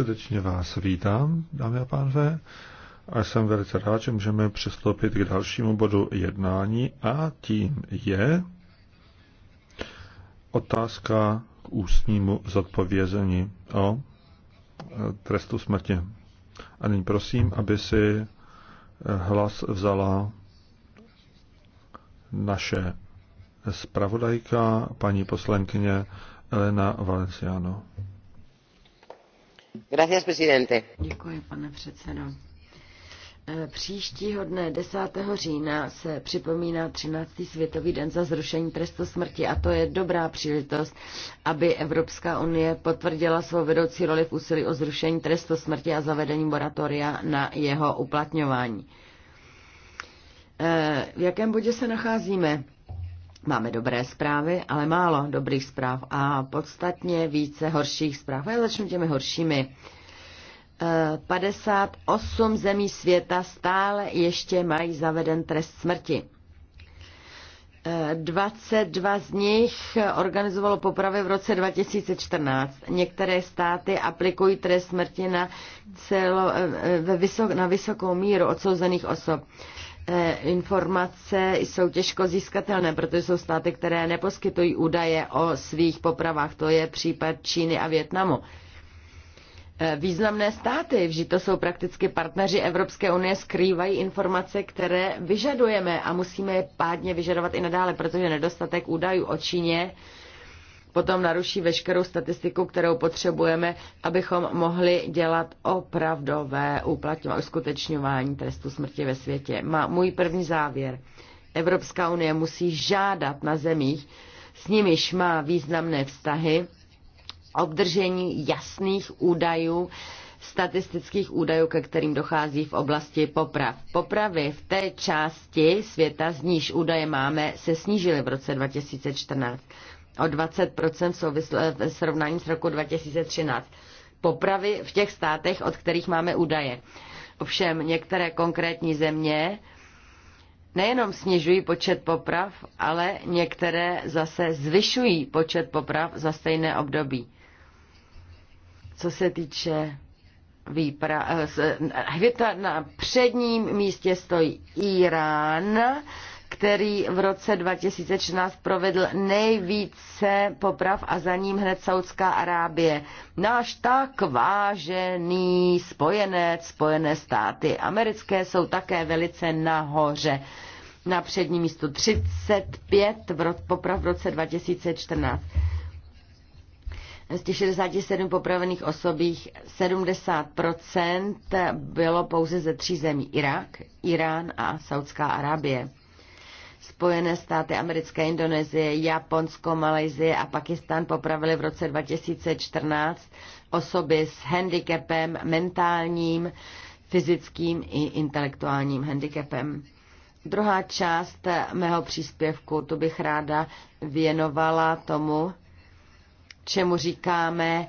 Srdečně vás vítám, dámy a pánové, a jsem velice rád, že můžeme přistoupit k dalšímu bodu jednání a tím je otázka k ústnímu zodpovězení o trestu smrti. A nyní prosím, aby si hlas vzala naše zpravodajka, paní poslankyně Elena Valenciano. Gracias, presidente. Děkuji, pane předsedo. E, příštího dne 10. října se připomíná 13. světový den za zrušení trestu smrti a to je dobrá příležitost, aby Evropská unie potvrdila svou vedoucí roli v úsilí o zrušení trestu smrti a zavedení moratoria na jeho uplatňování. E, v jakém bodě se nacházíme? Máme dobré zprávy, ale málo dobrých zpráv a podstatně více horších zpráv. Já začnu těmi horšími. 58 eh, zemí světa stále ještě mají zaveden trest smrti. 22 eh, z nich organizovalo popravy v roce 2014. Některé státy aplikují trest smrti na, celo, eh, na vysokou míru odsouzených osob. Eh, informace jsou těžko získatelné, protože jsou státy, které neposkytují údaje o svých popravách. To je případ Číny a Větnamu. Eh, významné státy, vždy to jsou prakticky partneři Evropské unie, skrývají informace, které vyžadujeme a musíme je pádně vyžadovat i nadále, protože nedostatek údajů o Číně potom naruší veškerou statistiku, kterou potřebujeme, abychom mohli dělat opravdové uplatňování, uskutečňování trestu smrti ve světě. Má můj první závěr. Evropská unie musí žádat na zemích, s nimiž má významné vztahy, obdržení jasných údajů, statistických údajů, ke kterým dochází v oblasti poprav. Popravy v té části světa, z níž údaje máme, se snížily v roce 2014 o 20% v, souvisle, v srovnání s roku 2013. Popravy v těch státech, od kterých máme údaje. Ovšem některé konkrétní země nejenom snižují počet poprav, ale některé zase zvyšují počet poprav za stejné období. Co se týče výpra- eh, Hvěta na předním místě stojí Irán který v roce 2013 provedl nejvíce poprav a za ním hned Saudská Arábie. Náš tak vážený spojenec, spojené státy americké jsou také velice nahoře na přední místo 35 v ro- poprav v roce 2014. Z těch 67 popravených osobích 70% bylo pouze ze tří zemí. Irák, Irán a Saudská Arábie. Spojené státy americké, Indonésie, Japonsko, Malajzie a Pakistan popravili v roce 2014 osoby s handicapem mentálním, fyzickým i intelektuálním handicapem. Druhá část mého příspěvku, tu bych ráda věnovala tomu, čemu říkáme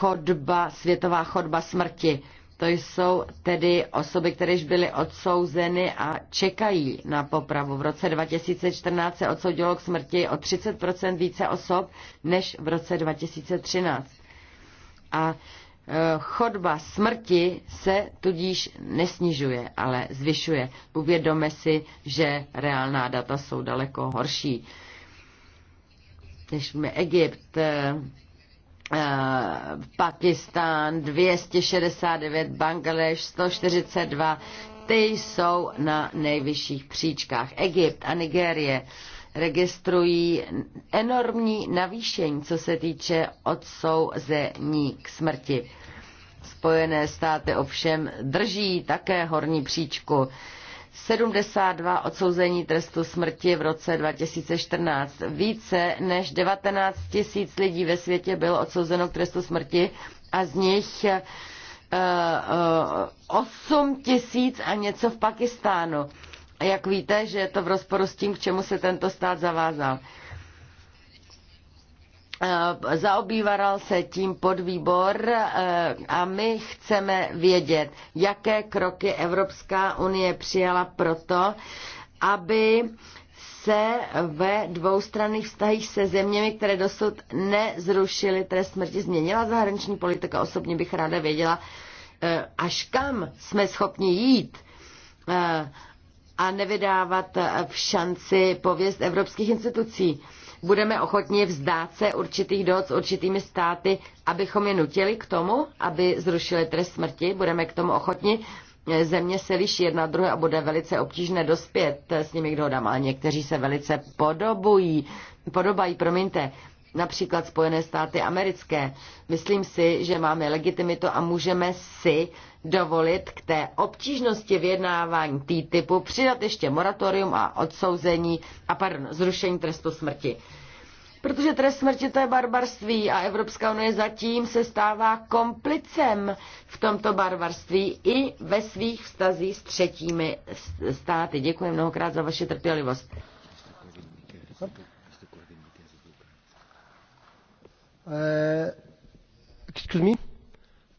chodba, světová chodba smrti to jsou tedy osoby, které již byly odsouzeny a čekají na popravu. V roce 2014 se odsoudilo k smrti o 30 více osob než v roce 2013. A e, chodba smrti se tudíž nesnižuje, ale zvyšuje. Uvědome si, že reálná data jsou daleko horší. Když Egypt e, Eh, Pakistán 269, Bangladeš 142, ty jsou na nejvyšších příčkách. Egypt a Nigérie registrují enormní navýšení, co se týče odsouzení k smrti. Spojené státy ovšem drží také horní příčku. 72 odsouzení trestu smrti v roce 2014. Více než 19 tisíc lidí ve světě bylo odsouzeno k trestu smrti a z nich 8 eh, eh, tisíc a něco v Pakistánu. Jak víte, že je to v rozporu s tím, k čemu se tento stát zavázal. Eh, zaobíval se tím podvýbor eh, a my chceme vědět, jaké kroky Evropská unie přijala proto, aby se ve dvoustranných vztahích se zeměmi, které dosud nezrušily trest smrti, změnila zahraniční politika. Osobně bych ráda věděla, eh, až kam jsme schopni jít a nevydávat v šanci pověst evropských institucí budeme ochotni vzdát se určitých dohod s určitými státy, abychom je nutili k tomu, aby zrušili trest smrti, budeme k tomu ochotni. Země se liší jedna druhé a bude velice obtížné dospět s nimi k dohodám, ale někteří se velice podobují, podobají, promiňte například Spojené státy americké. Myslím si, že máme legitimitu a můžeme si dovolit k té obtížnosti vyjednávání T-typu přidat ještě moratorium a odsouzení a pardon, zrušení trestu smrti. Protože trest smrti to je barbarství a Evropská unie zatím se stává komplicem v tomto barbarství i ve svých vztazích s třetími státy. Děkuji mnohokrát za vaši trpělivost. Eh, excuse me.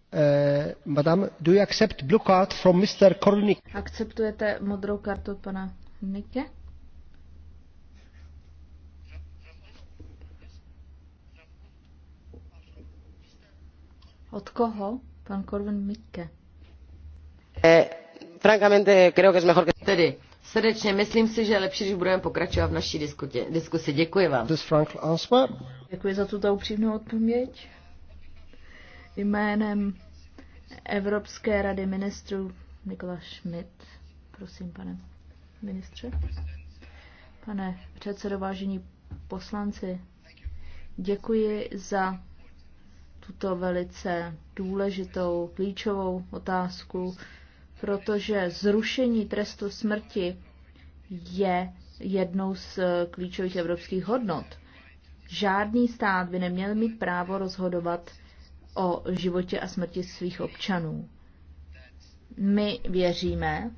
Uh, eh, madam, do you accept blue card from Mr. Kornik? Akceptujete modrou kartu od pana Nike? Od koho? Pan Korvin Mikke. Eh, francamente, creo que es mejor que... Tedy, srdečně. Myslím si, že je lepší, když budeme pokračovat v naší diskutě, diskusi. Děkuji vám. Děkuji za tuto upřímnou odpověď. Jménem Evropské rady ministrů Nikola Schmidt. Prosím, pane ministře. Pane předsedo, vážení poslanci, děkuji za tuto velice důležitou, klíčovou otázku protože zrušení trestu smrti je jednou z eh, klíčových evropských hodnot. Žádný stát by neměl mít právo rozhodovat o životě a smrti svých občanů. My věříme,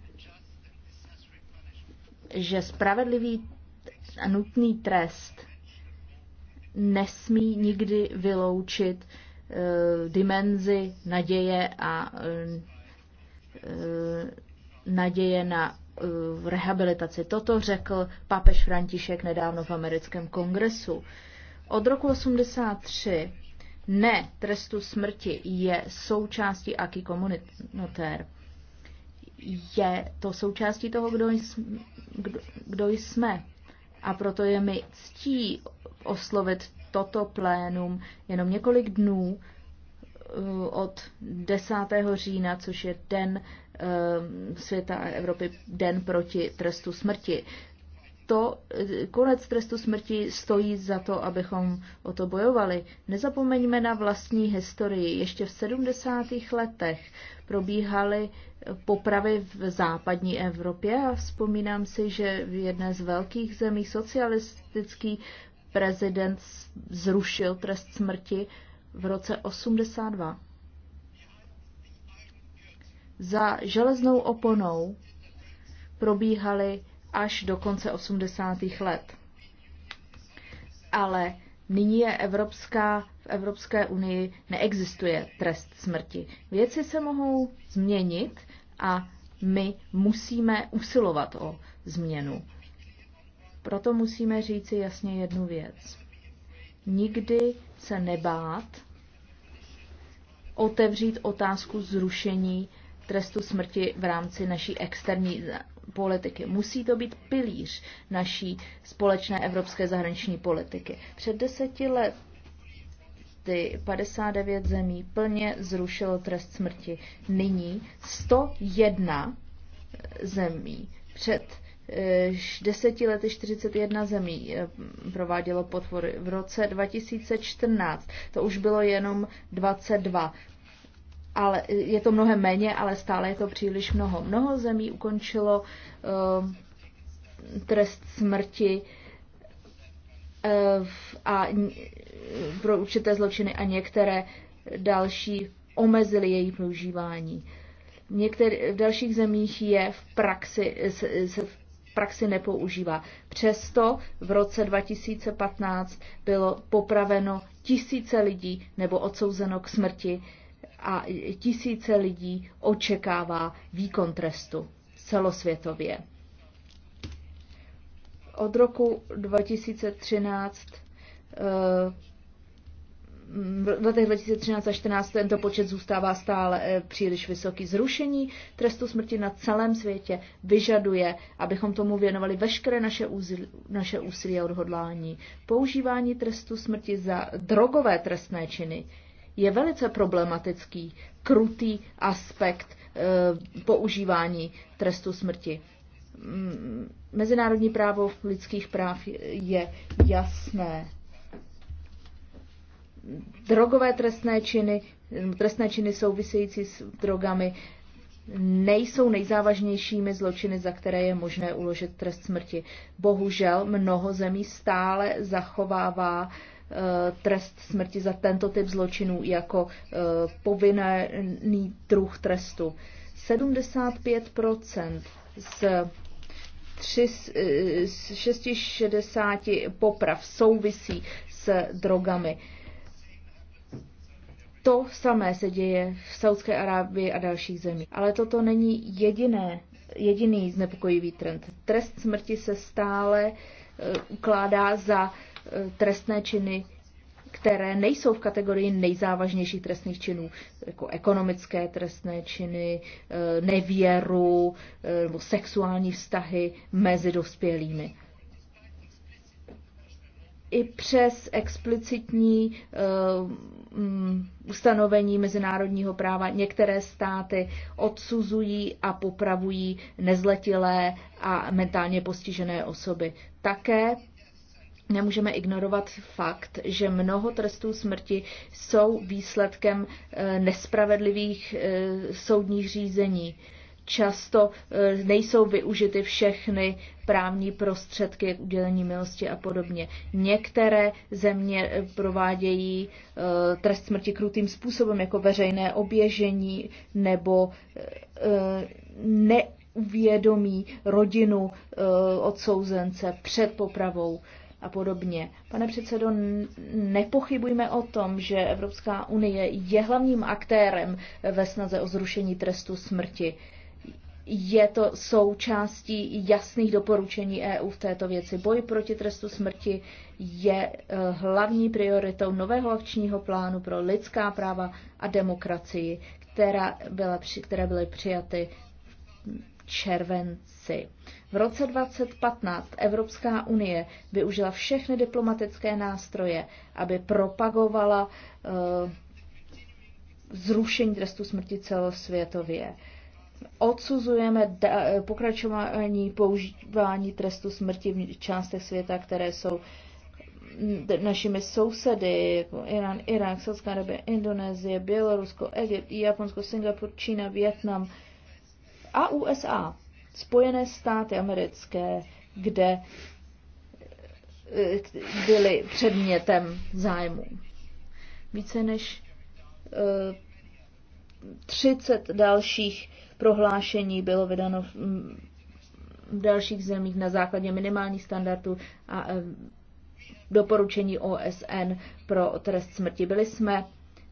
že spravedlivý a nutný trest nesmí nikdy vyloučit e, dimenzi naděje a e, Eh, naděje na eh, rehabilitaci. Toto řekl papež František nedávno v americkém kongresu. Od roku 83 ne trestu smrti je součástí aký komunitér. Je to součástí toho, kdo, jsme, kdo, kdo jsme. A proto je mi ctí oslovit toto plénum jenom několik dnů Eh, od 10. října, což je den eh, světa a Evropy, den proti trestu smrti. To eh, konec trestu smrti stojí za to, abychom o to bojovali. Nezapomeňme na vlastní historii. Ještě v 70. letech probíhaly popravy v západní Evropě a vzpomínám si, že v jedné z velkých zemí socialistický prezident zrušil trest smrti v roce 82. Za železnou oponou probíhaly až do konce 80. let. Ale nyní je Evropská, v Evropské unii neexistuje trest smrti. Věci se mohou změnit a my musíme usilovat o změnu. Proto musíme říci jasně jednu věc. Nikdy se nebát otevřít otázku zrušení trestu smrti v rámci naší externí politiky. Musí to být pilíř naší společné evropské zahraniční politiky. Před deseti lety 59 zemí plně zrušilo trest smrti. Nyní 101 zemí před 10 lety 41 zemí eh, provádělo potvory. V roce 2014 to už bylo jenom 22. Ale eh, je to mnohem méně, ale stále je to příliš mnoho. Mnoho zemí ukončilo uh, trest smrti uh, a pro určité zločiny a některé další omezili její používání. Některé, v dalších zemích je v praxi se, se v praxi nepoužívá. Přesto v roce 2015 bylo popraveno tisíce lidí nebo odsouzeno k smrti a tisíce lidí očekává výkon trestu celosvětově. Od roku 2013 v letech 2013 a 2014 tento počet zůstává stále eh, příliš vysoký. Zrušení trestu smrti na celém světě vyžaduje, abychom tomu věnovali veškeré naše, úzil, naše úsilí a odhodlání. Používání trestu smrti za drogové trestné činy je velice problematický, krutý aspekt e, používání trestu smrti. Mm, mezinárodní právo lidských práv je jasné drogové trestné činy, trestné činy související s drogami nejsou nejzávažnějšími zločiny, za které je možné uložit trest smrti. Bohužel mnoho zemí stále zachovává eh, trest smrti za tento typ zločinů jako eh, povinný druh trestu. 75 z 660 eh, poprav souvisí s drogami. To samé se děje v Saudské Arábii a dalších zemích. Ale toto není jediné, jediný znepokojivý trend. Trest smrti se stále eh, ukládá za eh, trestné činy, které nejsou v kategorii nejzávažnějších trestných činů, jako ekonomické trestné činy, eh, nevěru nebo sexuální vztahy mezi dospělými i přes explicitní eh, mm, ustanovení mezinárodního práva některé státy odsuzují a popravují nezletilé a mentálně postižené osoby. Také nemůžeme ignorovat fakt, že mnoho trestů smrti jsou výsledkem eh, nespravedlivých eh, soudních řízení často e, nejsou využity všechny právní prostředky k udělení milosti a podobně. Některé země e, provádějí e, trest smrti krutým způsobem, jako veřejné oběžení nebo neuvědomí rodinu odsouzence před popravou a podobně. Pane předsedo, nepochybujme o tom, že Evropská unie je hlavním aktérem ve snaze o zrušení trestu smrti je to součástí jasných doporučení EU v této věci. Boj proti trestu smrti je eh, hlavní prioritou nového akčního plánu pro lidská práva a demokracii, která byla, které byly přijaty v červenci. V roce 2015 Evropská unie využila všechny diplomatické nástroje, aby propagovala uh, zrušení trestu smrti celosvětově. Uh, odsuzujeme pokračování používání trestu smrti v částech světa, které jsou našimi sousedy, jako Irán, Irák, Saudská Arabie, Indonésie, Bělorusko, Egypt, Japonsko, Singapur, Čína, Větnam a USA, Spojené státy americké, kde e, byly předmětem zájmu. Více než 30 e, dalších prohlášení bylo vydáno mm, v dalších zemích na základě minimálních standardů a e, doporučení OSN pro trest smrti. Byli jsme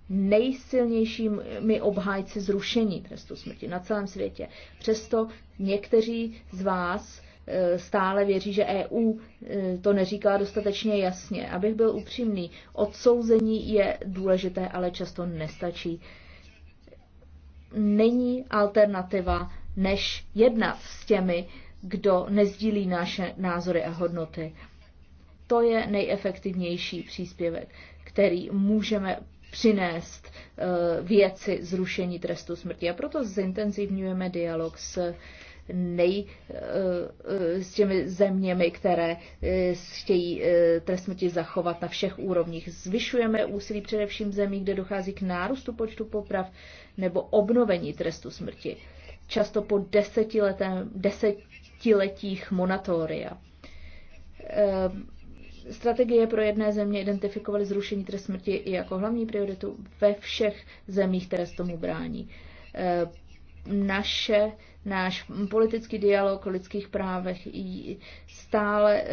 nejsilnějšími obhájci zrušení trestu smrti na celém světě. Přesto někteří z vás e, stále věří, že EU e, to neříká dostatečně jasně. Abych byl upřímný, odsouzení je důležité, ale často nestačí není alternativa, než jednat s těmi, kdo nezdílí naše názory a hodnoty. To je nejefektivnější příspěvek, který můžeme přinést eh, věci zrušení trestu smrti. A proto zintenzivňujeme dialog s nej, eh, s těmi zeměmi, které eh, chtějí eh, trest smrti zachovat na všech úrovních. Zvyšujeme úsilí především zemí, kde dochází k nárůstu počtu poprav nebo obnovení trestu smrti. Často po desetiletém, desetiletích monatoria. Strategie pro jedné země identifikovaly zrušení trest smrti i jako hlavní prioritu ve všech zemích, které se tomu brání. Naše Náš politický dialog o lidských právech je stále eh,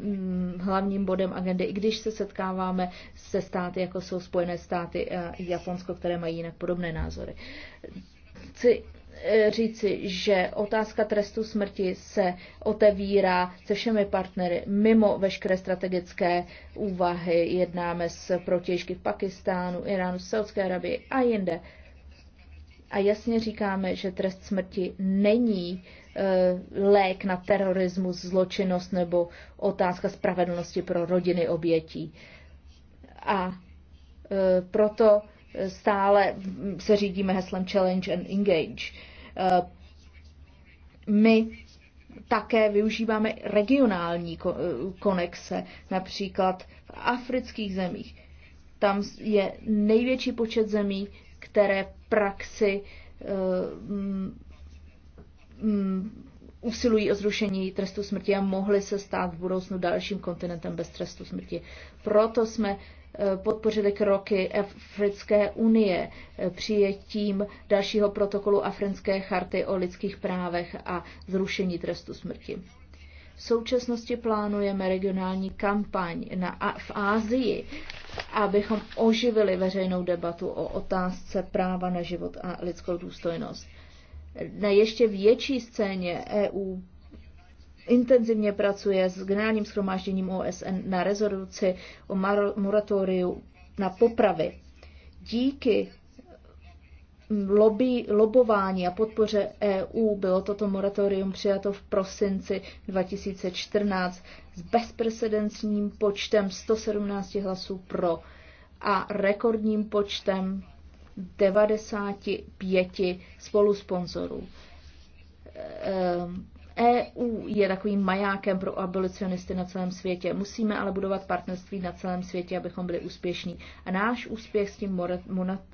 mm, hlavním bodem agendy, i když se setkáváme se státy, jako jsou Spojené státy a Japonsko, které mají jinak podobné názory. Chci eh, říci, že otázka trestu smrti se otevírá se všemi partnery mimo veškeré strategické úvahy. Jednáme s protěžky v Pakistánu, Iránu, Saudské Arabii a jinde a jasně říkáme, že trest smrti není eh, lék na terorismus, zločinnost nebo otázka spravedlnosti pro rodiny obětí. A eh, proto stále se řídíme heslem Challenge and Engage. Eh, my také využíváme regionální konexe, například v afrických zemích. Tam je největší počet zemí, které praxi eh, mm, mm, usilují o zrušení trestu smrti a mohli se stát v budoucnu dalším kontinentem bez trestu smrti. Proto jsme eh, podpořili kroky Africké unie eh, přijetím dalšího protokolu Africké charty o lidských právech a zrušení trestu smrti. V současnosti plánujeme regionální kampaň na, v Ázii, abychom oživili veřejnou debatu o otázce práva na život a lidskou důstojnost. Na ještě větší scéně EU intenzivně pracuje s generálním schromážděním OSN na rezoluci o moratoriu na popravy. Díky lobby, lobování a podpoře EU bylo toto moratorium přijato v prosinci 2014 s bezprecedentním počtem 117 hlasů pro a rekordním počtem 95 spolusponzorů. Ehm EU je takovým majákem pro abolicionisty na celém světě. Musíme ale budovat partnerství na celém světě, abychom byli úspěšní. A náš úspěch s tím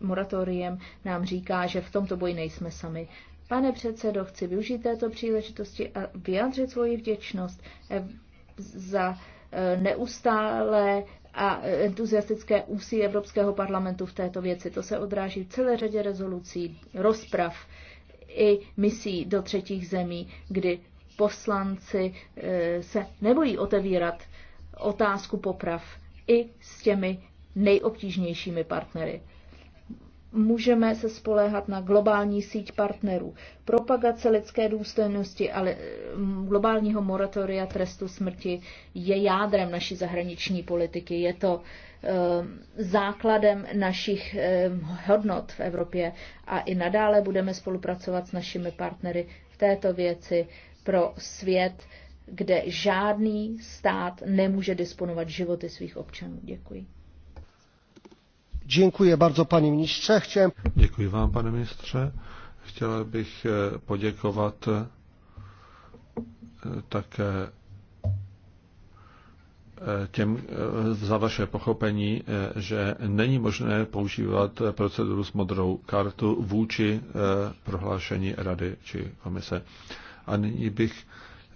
moratoriem nám říká, že v tomto boji nejsme sami. Pane předsedo, chci využít této příležitosti a vyjádřit svoji vděčnost e, za e, neustále a entuziastické úsilí Evropského parlamentu v této věci. To se odráží v celé řadě rezolucí, rozprav i misí do třetích zemí, kdy poslanci eh, se nebojí otevírat otázku poprav i s těmi nejobtížnějšími partnery. Můžeme se spoléhat na globální síť partnerů. Propagace lidské důstojnosti, ale globálního moratoria trestu smrti je jádrem naší zahraniční politiky. Je to eh, základem našich eh, hodnot v Evropě a i nadále budeme spolupracovat s našimi partnery v této věci pro svět, kde žádný stát nemůže disponovat životy svých občanů. Děkuji. Děkuji bardzo, paní ministře. Chciałem... Děkuji vám, pane ministře. Chtěl bych e, poděkovat e, také e, těm za vaše pochopení, že není možné používat proceduru s modrou kartu vůči prohlášení rady či komise. A nyní bych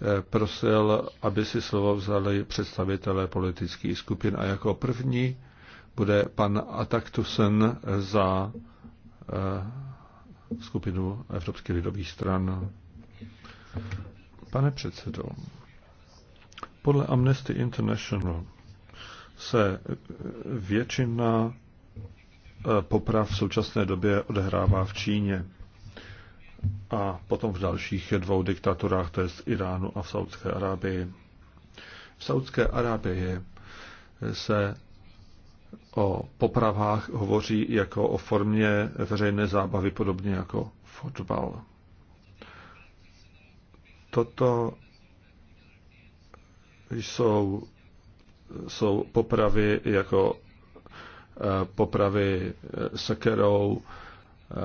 eh, prosil, aby si slovo vzali představitelé politických skupin. A jako první bude pan Ataktusen za eh, skupinu Evropských lidových stran. Pane předsedo, podle Amnesty International se eh, většina poprav v současné době odehrává v Číně a potom v dalších dvou diktaturách, to je z Iránu a v Saudské Arábii. V Saudské Arábii se o popravách hovoří jako o formě veřejné zábavy, podobně jako fotbal. Toto jsou, jsou popravy jako eh, popravy eh, sekerou eh,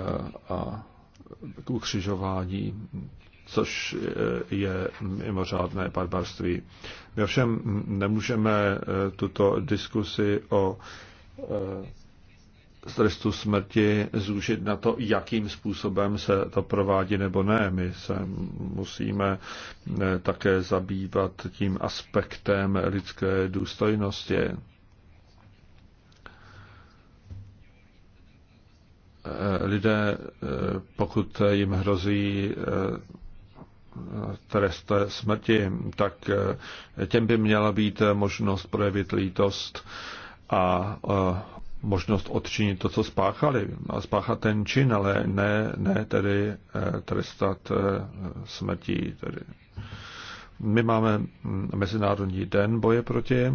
a k ukřižování, což je mimořádné barbarství. My ovšem nemůžeme eh, tuto diskusi o eh, trestu smrti zúžit na to, jakým způsobem se to provádí nebo ne. My se musíme eh, také zabývat tím aspektem lidské důstojnosti. Eh, lidé, eh, pokud jim hrozí eh, trest smrti, tak těm by měla být možnost projevit lítost a možnost odčinit to, co spáchali. A spáchat ten čin, ale ne, ne tedy trestat smrti. Tedy. My máme mm, Mezinárodní den boje proti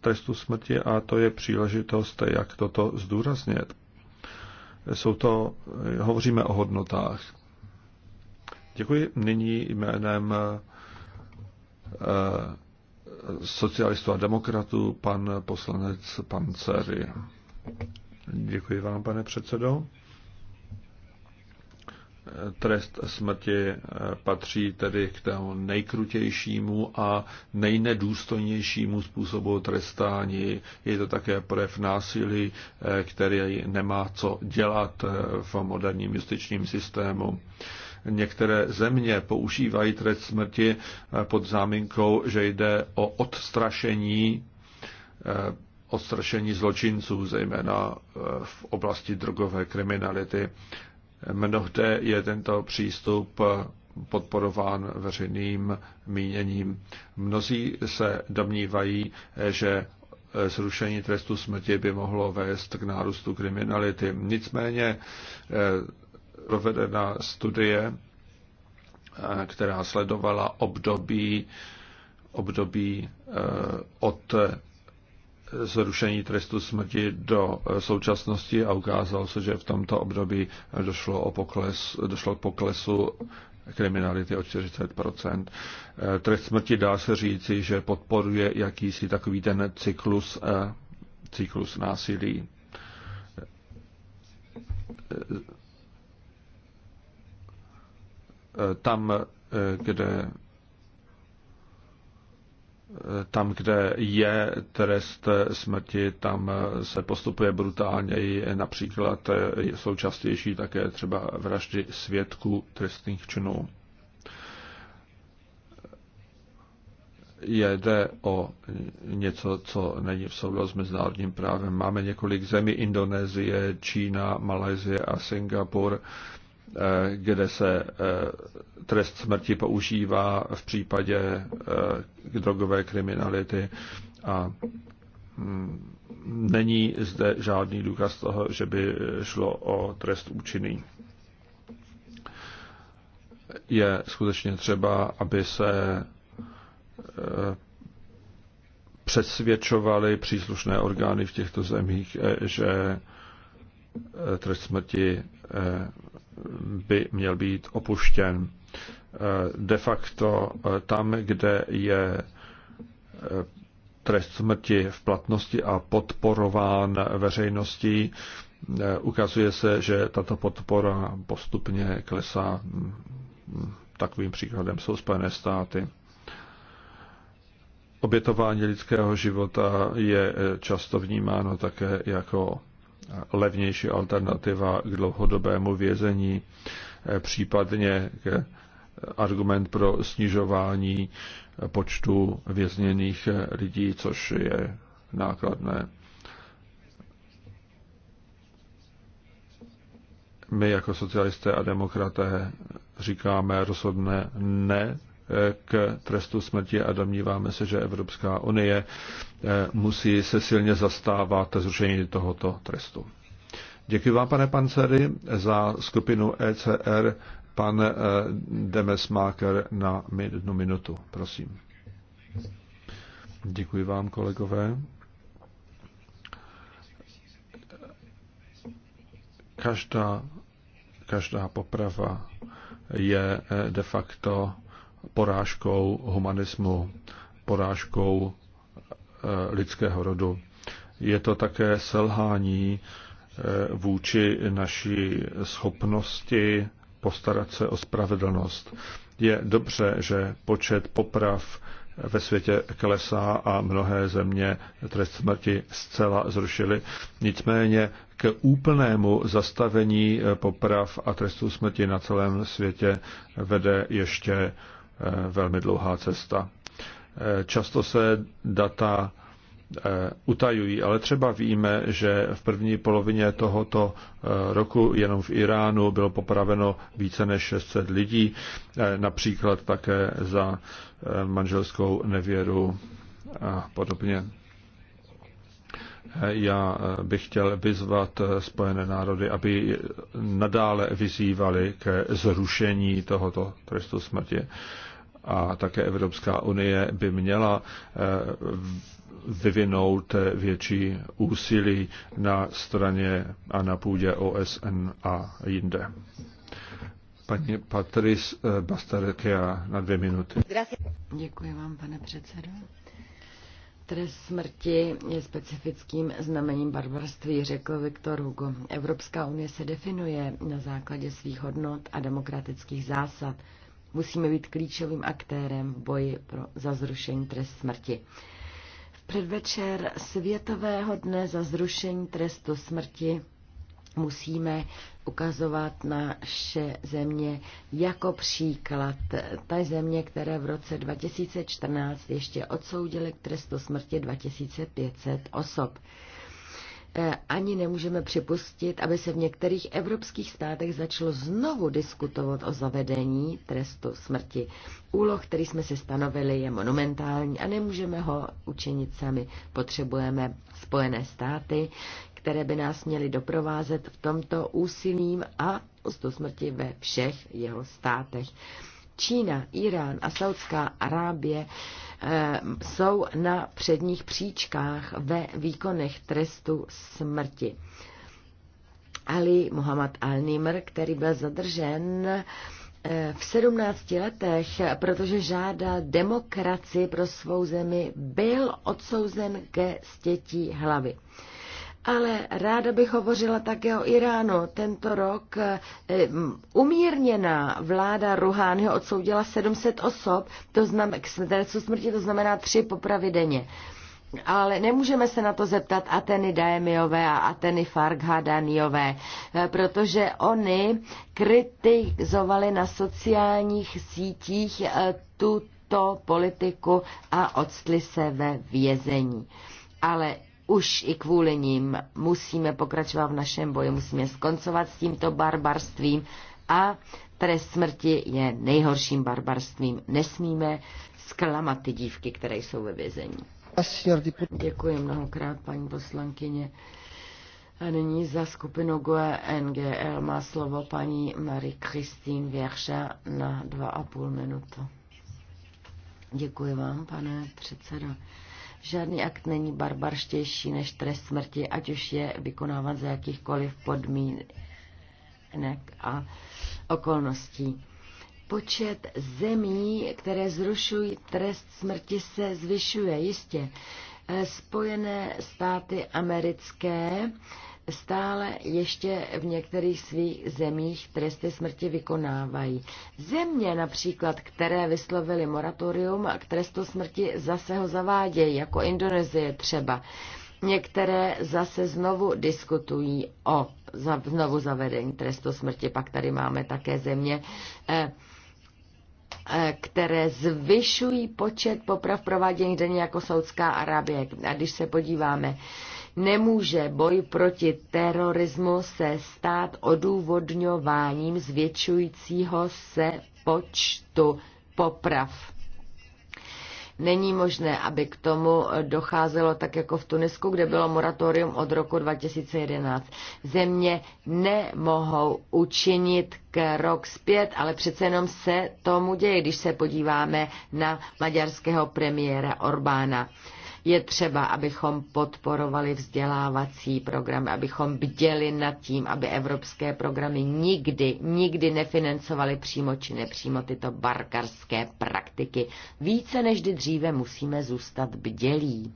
trestu smrti a to je příležitost, jak toto zdůraznit. Jsou to, hovoříme o hodnotách. Děkuji nyní jménem eh, socialistů a demokratů pan poslanec Panceri. Děkuji vám, pane předsedo trest smrti eh, patří tedy k tomu nejkrutějšímu a nejnedůstojnějšímu způsobu trestání. Je to také projev násilí, eh, který nemá co dělat eh, v moderním justičním systému. Některé země používají trest smrti pod záminkou, že jde o odstrašení odstrašení zločinců, zejména v oblasti drogové kriminality. Mnohde je tento přístup podporován veřejným míněním. Mnozí se domnívají, že zrušení trestu smrti by mohlo vést k nárůstu kriminality. Nicméně eh, provedena studie, eh, která sledovala období, období eh, od zrušení trestu smrti do současnosti a ukázalo se, že v tomto období došlo, o pokles, došlo k poklesu kriminality o 40 Trest smrti dá se říci, že podporuje jakýsi takový ten cyklus, eh, cyklus násilí. Eh, tam, eh, kde tam, kde je trest smrti, tam se postupuje brutálněji. Například jsou častější také třeba vraždy svědků trestných činů. Jde o něco, co není v souladu s mezinárodním právem. Máme několik zemí, Indonésie, Čína, Malajzie a Singapur, Eh, kde se eh, trest smrti používá v případě eh, drogové kriminality a hm, není zde žádný důkaz toho, že by šlo o trest účinný. Je skutečně třeba, aby se přesvědčovaly příslušné orgány v těchto zemích, že trest smrti by měl být opuštěn. De facto eh, tam, kde je eh, trest smrti v platnosti a podporován veřejností, eh, ukazuje se, že tato podpora postupně klesá. Takovým příkladem jsou Spojené státy. Obětování lidského života je často vnímáno také jako levnější alternativa k dlouhodobému vězení, eh, případně eh, argument pro snižování eh, počtu vězněných lidí, což je nákladné. My jako socialisté a demokraté říkáme rozhodné ne k trestu smrti a domníváme se, že Evropská unie eh, musí se silně zastávat zrušení tohoto trestu. Děkuji vám, pane Pancery, za skupinu ECR. Pan eh, Demesmaker na jednu minutu, prosím. Děkuji vám, kolegové. Každá, každá poprava je eh, de facto porážkou humanismu, porážkou eh, lidského rodu. Je to také selhání eh, vůči naší schopnosti postarat se o spravedlnost. Je dobře, že počet poprav ve světě klesá a mnohé země trest smrti zcela zrušily. Nicméně k úplnému zastavení poprav a trestů smrti na celém světě vede ještě Eh, velmi dlouhá cesta. Eh, často se data eh, utajují, ale třeba víme, že v první polovině tohoto roku jenom v Iránu bylo popraveno více než 600 lidí, například také za manželskou nevěru a podobně. Já eh, bych chtěl vyzvat eh, Spojené národy, aby eh, nadále vyzývali ke zrušení tohoto trestu smrti. A také Evropská unie by měla vyvinout větší úsilí na straně a na půdě OSN a jinde. Paní Patrice Bastarekia na dvě minuty. Děkuji vám, pane předsedo. Trest smrti je specifickým znamením barbarství, řekl Viktor Hugo. Evropská unie se definuje na základě svých hodnot a demokratických zásad. Musíme být klíčovým aktérem v boji pro, za zrušení trest smrti. V předvečer Světového dne za zrušení trestu smrti musíme ukazovat naše země jako příklad. Ta země, které v roce 2014 ještě odsoudily k trestu smrti 2500 osob. E, ani nemůžeme připustit, aby se v některých evropských státech začalo znovu diskutovat o zavedení trestu smrti. Úloh, který jsme si stanovili, je monumentální a nemůžeme ho učinit sami. Potřebujeme Spojené státy, které by nás měly doprovázet v tomto úsilím a trestu smrti ve všech jeho státech. Čína, Irán a Saudská Arábie Eh, jsou na předních příčkách ve výkonech trestu smrti. Ali Muhammad Al-Nimr, který byl zadržen eh, v 17 letech, protože žádal demokracii pro svou zemi, byl odsouzen ke stětí hlavy. Ale ráda bych hovořila také o Iránu. Tento rok eh, umírněná vláda Ruhányho odsoudila 700 osob, to znamená, co smrti, to znamená tři popravy denně. Ale nemůžeme se na to zeptat Ateny Daemiové a Ateny Farghadaniové, eh, protože oni kritizovali na sociálních sítích eh, tuto politiku a odstli se ve vězení. Ale už i kvůli ním musíme pokračovat v našem boji, musíme skoncovat s tímto barbarstvím a trest smrti je nejhorším barbarstvím. Nesmíme zklamat ty dívky, které jsou ve vězení. Děkuji mnohokrát, paní poslankyně. A nyní za skupinu GOE NGL má slovo paní Marie-Christine Věrša na dva a půl minutu. Děkuji vám, pane předsedo. Žádný akt není barbarštější než trest smrti, ať už je vykonávat za jakýchkoliv podmínek a okolností. Počet zemí, které zrušují trest smrti, se zvyšuje, jistě. Eh, Spojené státy americké stále ještě v některých svých zemích tresty smrti vykonávají. Země například, které vyslovily moratorium k trestu smrti zase ho zavádějí, jako Indonésie třeba. Některé zase znovu diskutují o znovu zavedení trestu smrti. Pak tady máme také země, eh, eh, které zvyšují počet poprav prováděných denně jako Saudská Arábie. A když se podíváme, eh, Nemůže boj proti terorismu se stát odůvodňováním zvětšujícího se počtu poprav. Není možné, aby k tomu docházelo tak jako v Tunisku, kde bylo moratorium od roku 2011. Země nemohou učinit krok zpět, ale přece jenom se tomu děje, když se podíváme na maďarského premiéra Orbána je třeba, abychom podporovali vzdělávací programy, abychom bděli nad tím, aby evropské programy nikdy, nikdy nefinancovaly přímo či nepřímo tyto barkarské praktiky. Více než dříve musíme zůstat bdělí.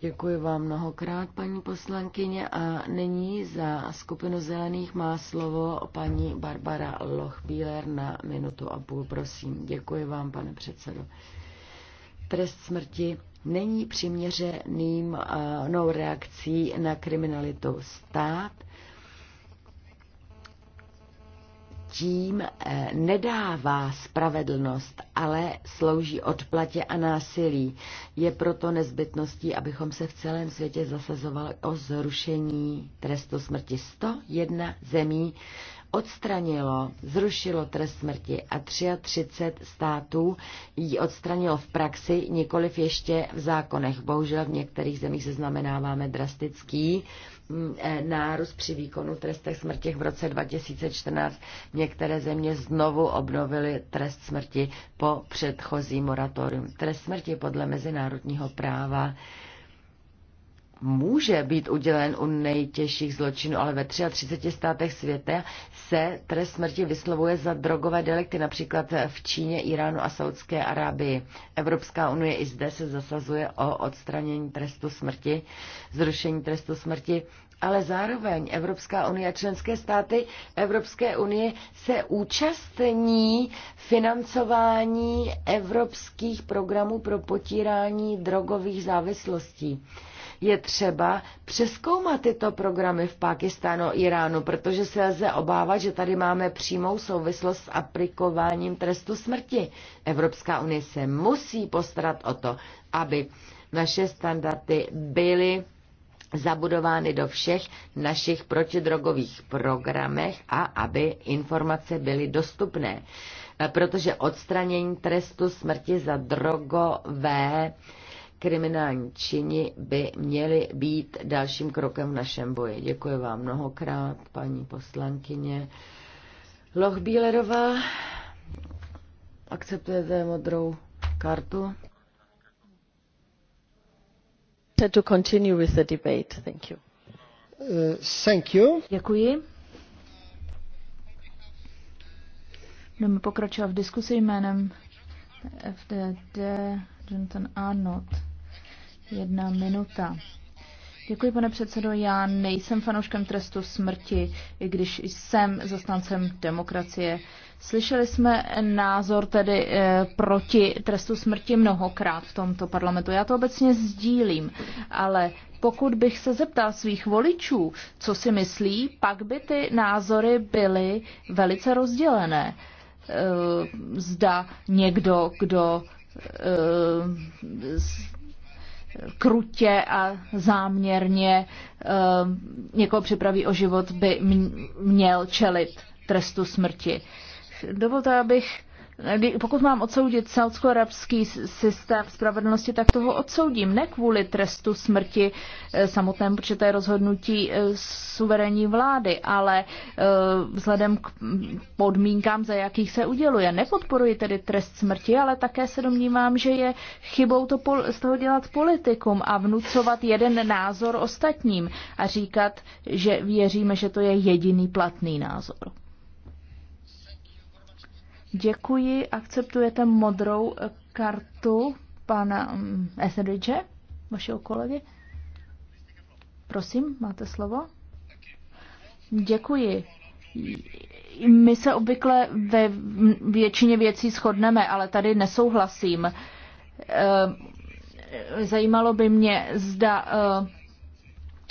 Děkuji vám mnohokrát, paní poslankyně. A nyní za skupinu zelených má slovo paní Barbara Lochbíler na minutu a půl, prosím. Děkuji vám, pane předsedo. Trest smrti není přiměřeným eh, no, reakcí na kriminalitu stát tím eh, nedává spravedlnost, ale slouží odplatě a násilí. Je proto nezbytností, abychom se v celém světě zasazovali o zrušení trestu smrti. 101 zemí odstranilo, zrušilo trest smrti a 33 států ji odstranilo v praxi, nikoliv ještě v zákonech. Bohužel v některých zemích se znamenáváme drastický mm, eh, nárůst při výkonu trestech smrti v roce 2014. Některé země znovu obnovily trest smrti po předchozí moratorium. Trest smrti podle mezinárodního práva může být udělen u nejtěžších zločinů, ale ve 33 státech světa se trest smrti vyslovuje za drogové delikty, například v Číně, Iránu a Saudské Arábii. Evropská unie i zde se zasazuje o odstranění trestu smrti, zrušení trestu smrti, ale zároveň Evropská unie a členské státy Evropské unie se účastní financování evropských programů pro potírání drogových závislostí je třeba přeskoumat tyto programy v Pákistánu a Iránu, protože se lze obávat, že tady máme přímou souvislost s aplikováním trestu smrti. Evropská unie se musí postarat o to, aby naše standardy byly zabudovány do všech našich protidrogových programech a aby informace byly dostupné. Protože odstranění trestu smrti za drogové kriminální činy by měly být dalším krokem v našem boji. Děkuji vám mnohokrát, paní poslankyně. Lochbílerová, akceptujete modrou kartu? To continue with the debate. Thank you. Uh, thank you. Děkuji. Budeme pokračovat v diskusi jménem FDD a not Jedna minuta. Děkuji, pane předsedo. Já nejsem fanouškem trestu smrti, i když jsem zastáncem demokracie. Slyšeli jsme názor tedy e, proti trestu smrti mnohokrát v tomto parlamentu. Já to obecně sdílím, ale pokud bych se zeptal svých voličů, co si myslí, pak by ty názory byly velice rozdělené. E, zda někdo, kdo Eh, krutě a záměrně eh, někoho připraví o život, by měl čelit trestu smrti. Dovolte, abych pokud mám odsoudit saudsko-arabský systém spravedlnosti, tak toho odsoudím. Ne kvůli trestu smrti eh, samotném, protože to je rozhodnutí eh, suverénní vlády, ale eh, vzhledem k podmínkám, za jakých se uděluje. Nepodporuji tedy trest smrti, ale také se domnívám, že je chybou to z toho dělat politikum a vnucovat jeden názor ostatním a říkat, že věříme, že to je jediný platný názor. Děkuji. Akceptujete modrou eh, kartu pana Etheridge, mm, vašeho kolegy? Prosím, máte slovo. Děkuji. My se obvykle ve většině věcí shodneme, ale tady nesouhlasím. Eh, zajímalo by mě, zda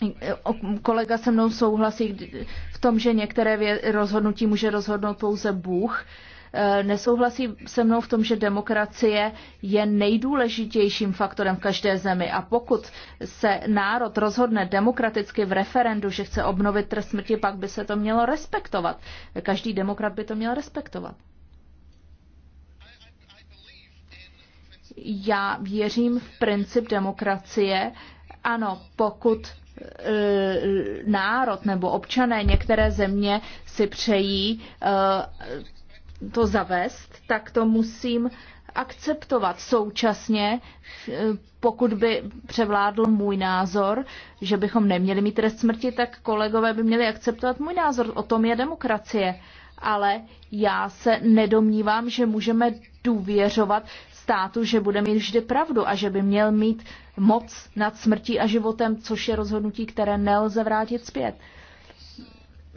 eh, kolega se mnou souhlasí v tom, že některé rozhodnutí může rozhodnout pouze Bůh. Eh, nesouhlasí se mnou v tom, že demokracie je nejdůležitějším faktorem v každé zemi. A pokud se národ rozhodne demokraticky v referendu, že chce obnovit trest smrti, pak by se to mělo respektovat. Každý demokrat by to měl respektovat. Já věřím v princip demokracie. Ano, pokud eh, národ nebo občané některé země si přejí eh, to zavést, tak to musím akceptovat. Současně, pokud by převládl můj názor, že bychom neměli mít trest smrti, tak kolegové by měli akceptovat můj názor. O tom je demokracie. Ale já se nedomnívám, že můžeme důvěřovat státu, že bude mít vždy pravdu a že by měl mít moc nad smrtí a životem, což je rozhodnutí, které nelze vrátit zpět.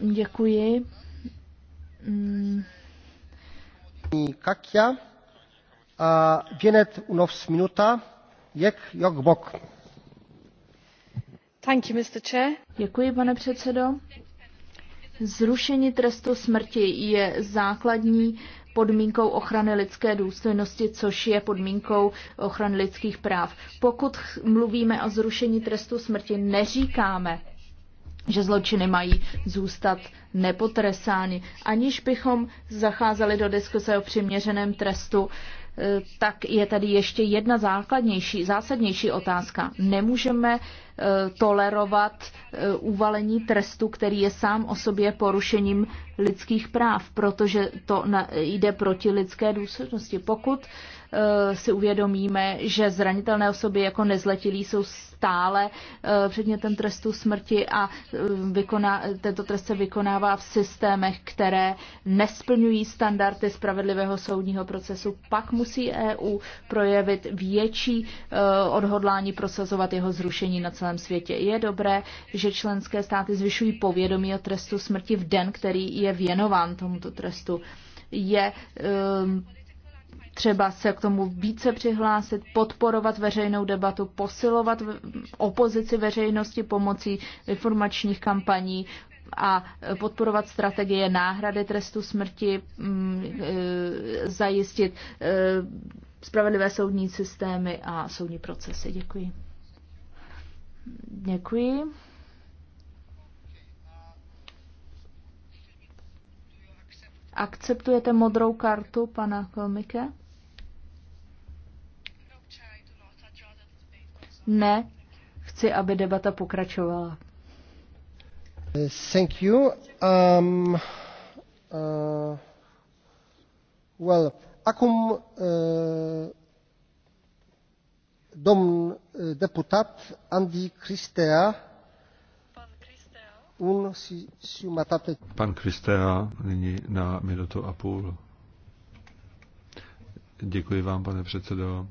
Děkuji. Mm. Děkuji, pane předsedo. Zrušení trestu smrti je základní podmínkou ochrany lidské důstojnosti, což je podmínkou ochrany lidských práv. Pokud mluvíme o zrušení trestu smrti, neříkáme, že zločiny mají zůstat nepotrestány. Aniž bychom zacházeli do diskuse o přiměřeném trestu, eh, tak je tady ještě jedna základnější, zásadnější otázka. Nemůžeme eh, tolerovat eh, uvalení trestu, který je sám o sobě porušením lidských práv, protože to jde proti lidské důslednosti. Pokud Eh, si uvědomíme, že zranitelné osoby jako nezletilí jsou stále eh, předmětem trestu smrti a eh, vykoná, tento trest se vykonává v systémech, které nesplňují standardy spravedlivého soudního procesu. Pak musí EU projevit větší odhodlání prosazovat jeho zrušení na celém světě. Je dobré, že členské státy zvyšují povědomí o trestu smrti v den, který je věnován tomuto trestu. Je um, třeba se k tomu více přihlásit, podporovat veřejnou debatu, posilovat opozici veřejnosti pomocí informačních kampaní a e, podporovat strategie náhrady trestu smrti, mm, e, zajistit e, spravedlivé soudní systémy a soudní procesy. Děkuji. Děkuji. Akceptujete modrou kartu pana Kolmike? Ne, chci, aby debata pokračovala. Thank you. Um, uh, well, acum uh, domn uh, deputat Andy Cristea. Un si, si Pan Cristea nyní na minutu a půl. Děkuji vám, pane předsedo.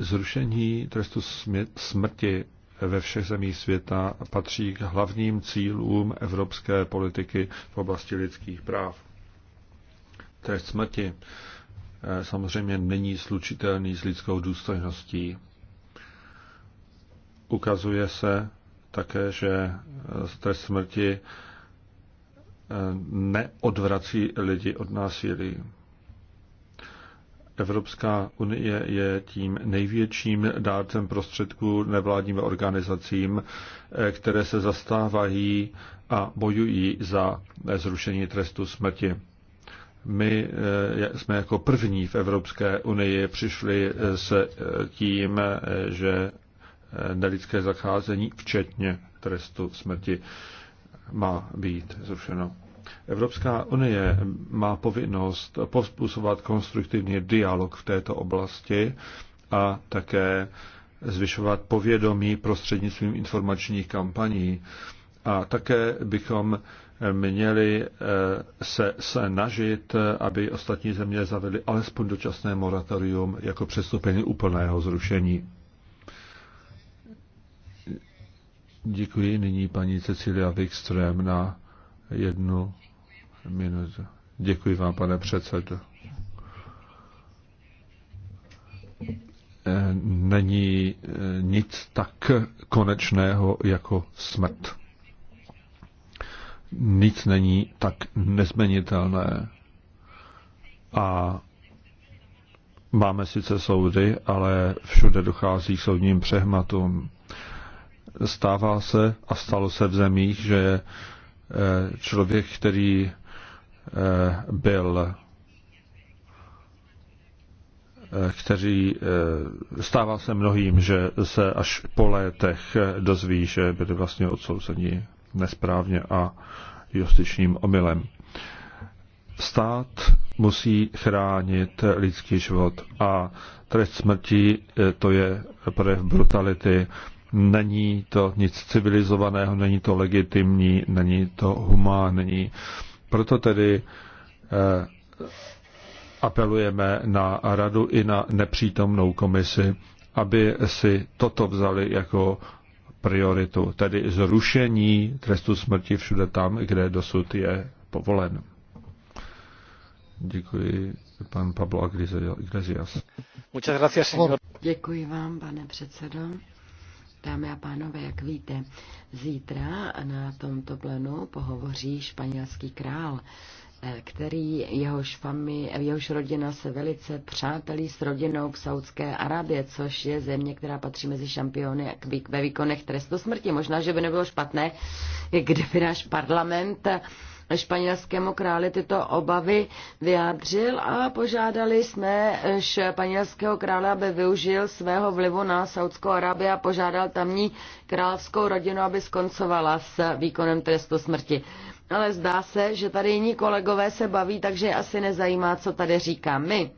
Zrušení trestu smrti ve všech zemích světa patří k hlavním cílům evropské politiky v oblasti lidských práv. Trest smrti eh, samozřejmě není slučitelný s lidskou důstojností. Ukazuje se také, že eh, trest smrti eh, neodvrací lidi od násilí. Evropská unie je tím největším dárcem prostředků nevládním organizacím, eh, které se zastávají a bojují za zrušení trestu smrti. My eh, jsme jako první v Evropské unii přišli eh, s tím, že nelidské zacházení, včetně trestu smrti, má být zrušeno. Evropská unie má povinnost pospůsobovat konstruktivní dialog v této oblasti a také zvyšovat povědomí prostřednictvím informačních kampaní. A také bychom měli eh, se snažit, aby ostatní země zavedly alespoň dočasné moratorium jako přestupení úplného zrušení. Děkuji nyní paní Cecilia Wikström na jednu minutu. Děkuji vám, pane předsedo. Eh, není eh, nic tak konečného jako smrt. Nic není tak nezmenitelné. A máme sice soudy, ale všude dochází k soudním přehmatům. Stává se a stalo se v zemích, že eh, člověk, který Eh, byl eh, kteří eh, stává se mnohým, že se až po létech dozví, že byli vlastně odsouzeni nesprávně a justičním omylem. Stát musí chránit lidský život a trest smrti to je projev brutality. Není to nic civilizovaného, není to legitimní, není to humánní. Proto tedy eh, apelujeme na radu i na nepřítomnou komisi, aby si toto vzali jako prioritu, tedy zrušení trestu smrti všude tam, kde dosud je povolen. Děkuji, pan Pablo Iglesias. Děkuji vám, pane předsedo. Dámy a pánové, jak víte, zítra na tomto plenu pohovoří španělský král eh, který jehož, fami, jehož rodina se velice přátelí s rodinou v Saudské Arabie, což je země, která patří mezi šampiony ve výkonech trestu smrti. Možná, že by nebylo špatné, kdyby náš parlament španělskému králi tyto obavy vyjádřil a požádali jsme eh, španělského krále, aby využil svého vlivu na Saudskou Arábii a požádal tamní královskou rodinu, aby skoncovala s výkonem trestu smrti. Ale zdá se, že tady jiní kolegové se baví, takže asi nezajímá, co tady říkám my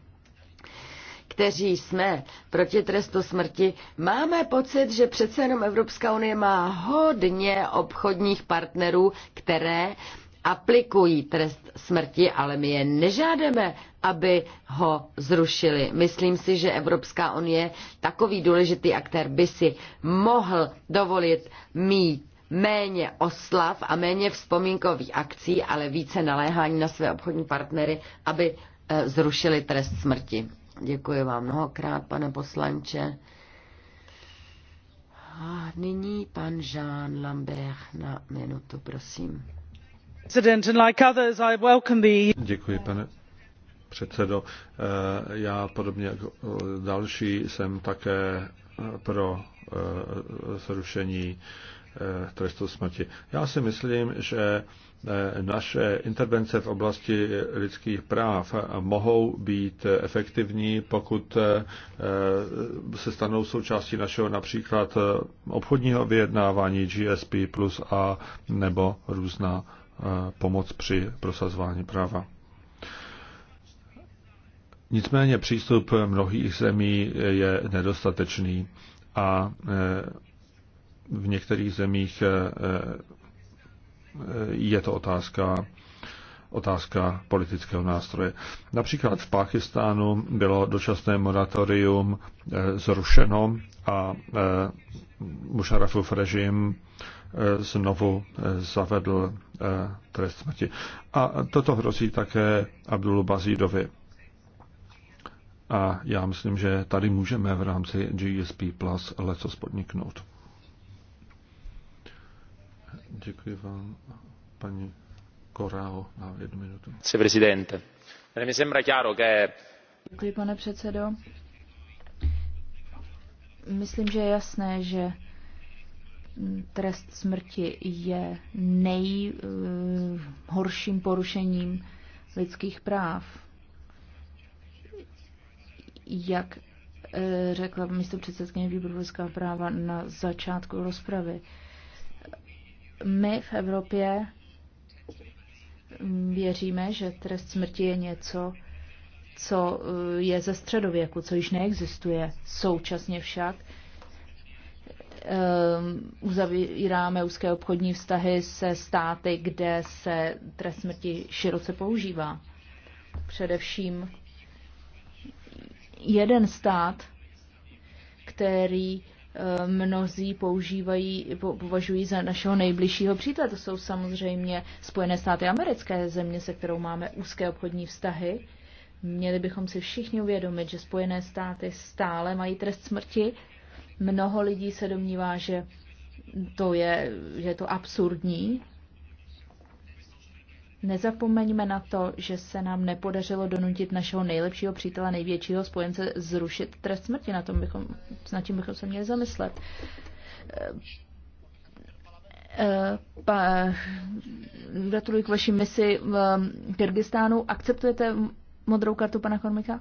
kteří jsme proti trestu smrti, máme pocit, že přece jenom Evropská unie má hodně obchodních partnerů, které aplikují trest smrti, ale my je nežádeme, aby ho zrušili. Myslím si, že Evropská unie, takový důležitý aktér, by si mohl dovolit mít méně oslav a méně vzpomínkových akcí, ale více naléhání na své obchodní partnery, aby eh, zrušili trest smrti. Děkuji vám mnohokrát, pane poslanče. A nyní pan Jean Lambert na minutu, prosím. E pane předsedo. Eh, já podobně jako eh, další jsem také eh, pro zrušení trestu smrti. Já si myslím, že naše intervence v oblasti lidských práv mohou být efektivní, pokud se stanou součástí našeho například obchodního vyjednávání GSP plus a nebo různá pomoc při prosazování práva. Nicméně přístup mnohých zemí je nedostatečný a e, v některých zemích e, e, je to otázka otázka politického nástroje. Například v Pákistánu bylo dočasné moratorium zrušeno a Musharrafův režim Eh, znovu eh, zavedl eh, trest smrti. A toto hrozí také Abdulu Bazídovi. A já myslím, že tady můžeme v rámci GSP Plus leco spodniknout. Děkuji vám, paní Korao, na jednu minutu. Děkuji, pane předsedo. Myslím, že je jasné, že trest smrti je nejhorším porušením lidských práv. Jak eh, řekla místo předsedkyně výboru lidská práva na začátku rozpravy. My v Evropě věříme, že trest smrti je něco, co eh, je ze středověku, co již neexistuje. Současně však Ehm, uzavíráme úzké obchodní vztahy se státy, kde se trest smrti široce používá. Především jeden stát, který ehm, mnozí používají, považují za našeho nejbližšího přítele. To jsou samozřejmě Spojené státy americké země, se kterou máme úzké obchodní vztahy. Měli bychom si všichni uvědomit, že Spojené státy stále mají trest smrti Mnoho lidí se domnívá, že to je, že je to absurdní. Nezapomeňme na to, že se nám nepodařilo donutit našeho nejlepšího přítele, největšího spojence zrušit trest smrti. Na tom bychom, na tím bychom se měli zamyslet. Eh, eh, gratuluji k vaší misi v Kyrgyzstánu. Akceptujete modrou kartu pana Kormika?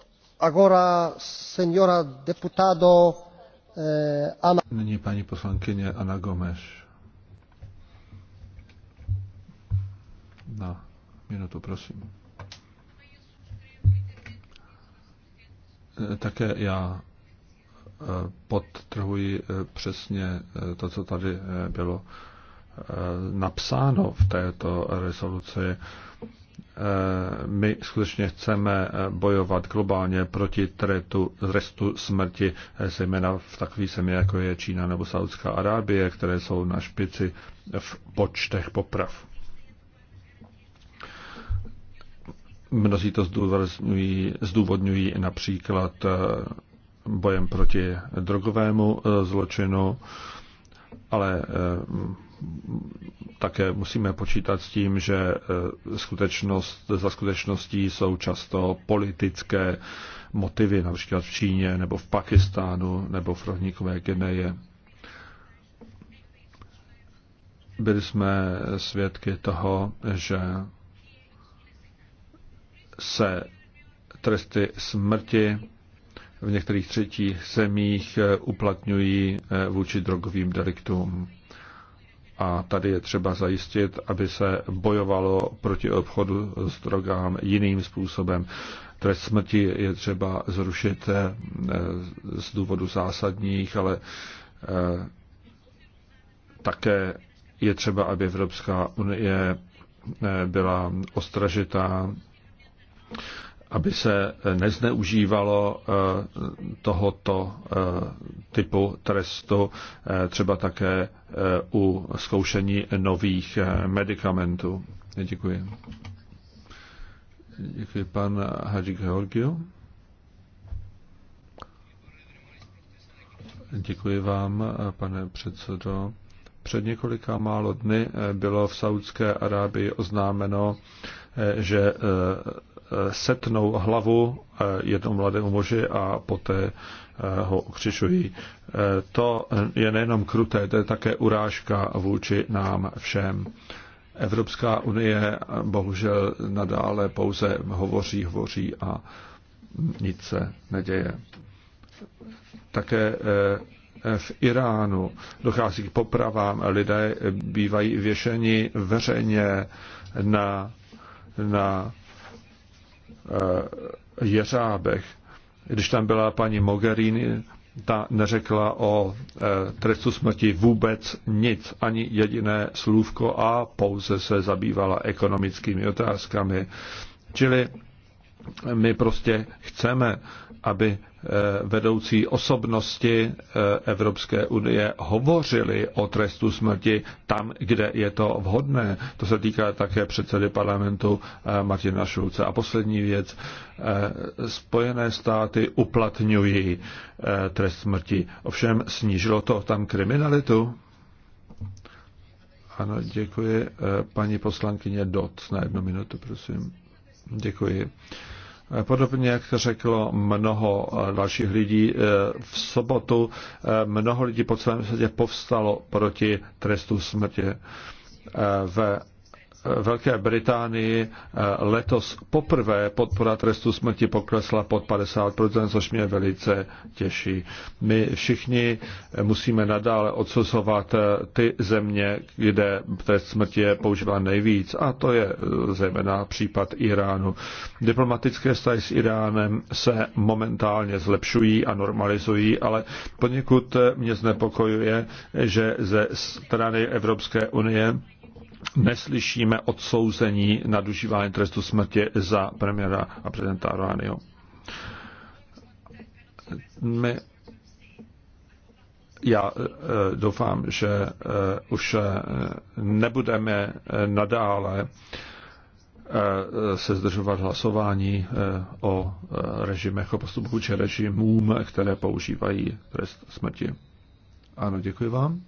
Agora deputado eh, Ana. Nyní paní poslankyně Ana Gomes. Na minutu, prosím. Eh, také já eh, podtrhuji přesně to, co tady bylo napsáno v této rezoluci Eh, my skutečně chceme eh, bojovat globálně proti tretu, restu smrti, eh, zejména v takových zemích, jako je Čína nebo Saudská Arábie, které jsou na špici v počtech poprav. Mnozí to zdůvodňují, zdůvodňují například bojem proti drogovému zločinu, ale také musíme počítat s tím, že e, skutečnost, za skutečností jsou často politické motivy, například v Číně nebo v Pakistánu nebo v Rohníkové Geneje. Byli jsme svědky toho, že se tresty smrti v některých třetích zemích e, uplatňují e, vůči drogovým deliktům a tady je třeba zajistit, aby se bojovalo proti obchodu s drogám jiným způsobem. Trest smrti je třeba zrušit eh, z důvodu zásadních, ale eh, také je třeba, aby Evropská unie eh, byla ostražitá aby se nezneužívalo eh, tohoto eh, typu trestu eh, třeba také u zkoušení nových medicamentů. Děkuji. Děkuji pan Hadži Georgiou. Děkuji vám, pane předsedo. Před několika málo dny bylo v Saudské Arábii oznámeno, že setnou hlavu eh, jednomu mladému muži a poté eh, ho okřičují. Eh, to je nejenom kruté, to je také urážka vůči nám všem. Evropská unie bohužel nadále pouze hovoří, hovoří a nic se neděje. Také v Iránu dochází k popravám, lidé bývají věšeni veřejně na, na Eh, jeřábech. Když tam byla paní Mogherini, ta neřekla o eh, trestu smrti vůbec nic, ani jediné slůvko a pouze se zabývala ekonomickými otázkami. Čili my prostě chceme, aby eh, vedoucí osobnosti eh, Evropské unie hovořili o trestu smrti tam, kde je to vhodné. To se týká také předsedy parlamentu eh, Martina Šulce. A poslední věc. Spojené státy uplatňují trest smrti. Ovšem snížilo to tam kriminalitu? Ano, děkuji. Paní poslankyně Dot na jednu minutu, prosím. Děkuji. Podobně, jak řeklo mnoho dalších lidí, eh, v sobotu eh, mnoho lidí po celém světě povstalo proti trestu smrti. Eh, ve. Velké Británii eh, letos poprvé podpora trestu smrti poklesla pod 50%, což mě velice těší. My všichni eh, musíme nadále odsuzovat eh, ty země, kde trest smrti je používán nejvíc, a to je zejména případ Iránu. Diplomatické vztahy s Iránem se momentálně zlepšují a normalizují, ale poněkud mě znepokojuje, že ze strany Evropské unie neslyšíme odsouzení nadužívání trestu smrti za premiéra a prezidenta Rouhaniho. My já eh, doufám, že eh, už eh, nebudeme nadále se zdržovat hlasování o režimech, o postupu či režimům, které používají trest smrti. Ano, děkuji vám.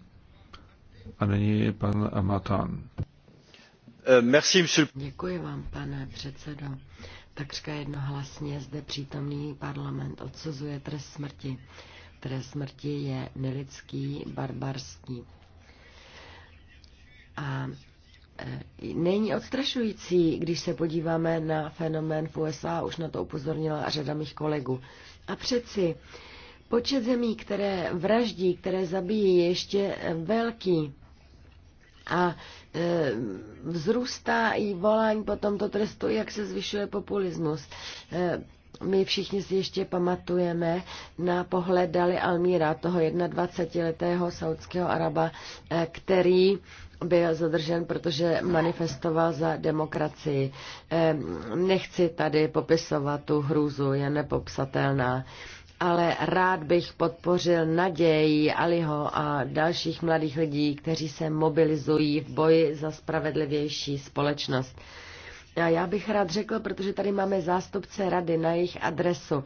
A nyní pan Matan. Eh, Děkuji vám, pane předsedo. Takřka jednohlasně zde přítomný parlament odsuzuje trest smrti. Trest smrti je nelidský, barbarský. A eh, Není odstrašující, když se podíváme na fenomén v USA, už na to upozornila řada mých kolegů. A přeci Počet zemí, které vraždí, které zabíjí, je ještě eh, velký. A eh, vzrůstá i volání po tomto trestu, jak se zvyšuje populismus. Eh, my všichni si ještě pamatujeme na pohled Dali Almíra, toho 21-letého saudského Araba, který byl zadržen, protože manifestoval za demokracii. Nechci tady popisovat tu hrůzu, je nepopsatelná ale rád bych podpořil naději Aliho a dalších mladých lidí, kteří se mobilizují v boji za spravedlivější společnost. A já bych rád řekl, protože tady máme zástupce rady na jejich adresu.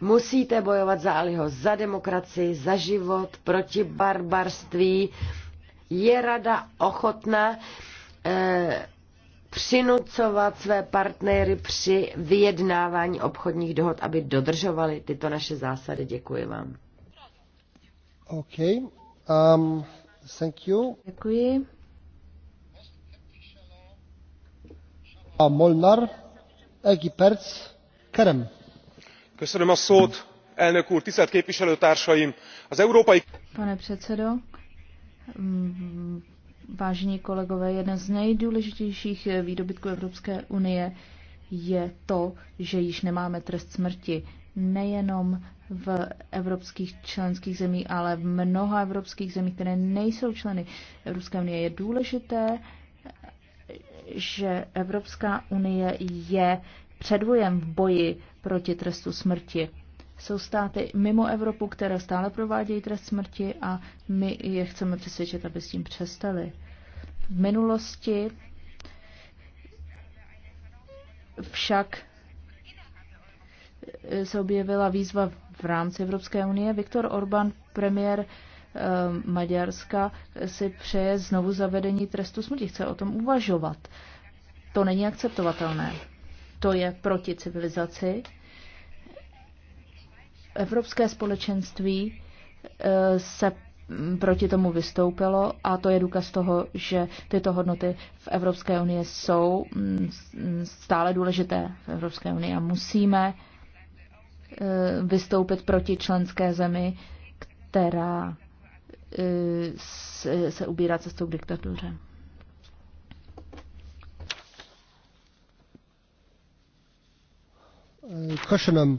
Musíte bojovat za Aliho, za demokracii, za život, proti barbarství. Je rada ochotná eh, přinucovat své partnery při vyjednávání obchodních dohod, aby dodržovali tyto naše zásady. Děkuji vám. OK. Um, thank you. Děkuji. A Molnar, Egi Kerem. Köszönöm a szót, elnök úr, tisztelt képviselőtársaim! Az európai... Pane předsedo, Vážení kolegové, jeden z nejdůležitějších výdobytků Evropské unie je to, že již nemáme trest smrti. Nejenom v evropských členských zemích, ale v mnoha evropských zemích, které nejsou členy Evropské unie. Je důležité, že Evropská unie je předvojem v boji proti trestu smrti. Jsou státy mimo Evropu, které stále provádějí trest smrti a my je chceme přesvědčit, aby s tím přestali. V minulosti však se objevila výzva v rámci Evropské unie. Viktor Orbán, premiér eh, Maďarska, si přeje znovu zavedení trestu smrti. Chce o tom uvažovat. To není akceptovatelné. To je proti civilizaci Evropské společenství eh, se mm, proti tomu vystoupilo a to je důkaz toho, že tyto hodnoty v Evropské unii jsou mm, mm, stále důležité v Evropské unii a musíme eh, vystoupit proti členské zemi, která eh, se ubírá cestou k diktatuře. Question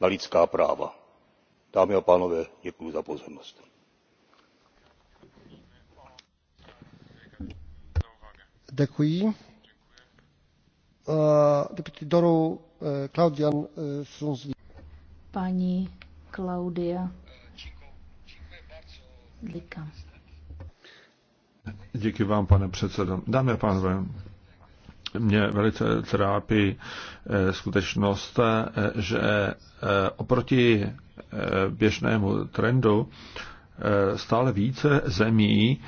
na lidská práva. dámy a pánové děkuji za pozornost. Eh, eh, Claudia eh, vám, pane předsedo. Dámy a pánové, mě velice trápí eh, skutečnost, eh, že eh, oproti běžnému trendu stále více zemí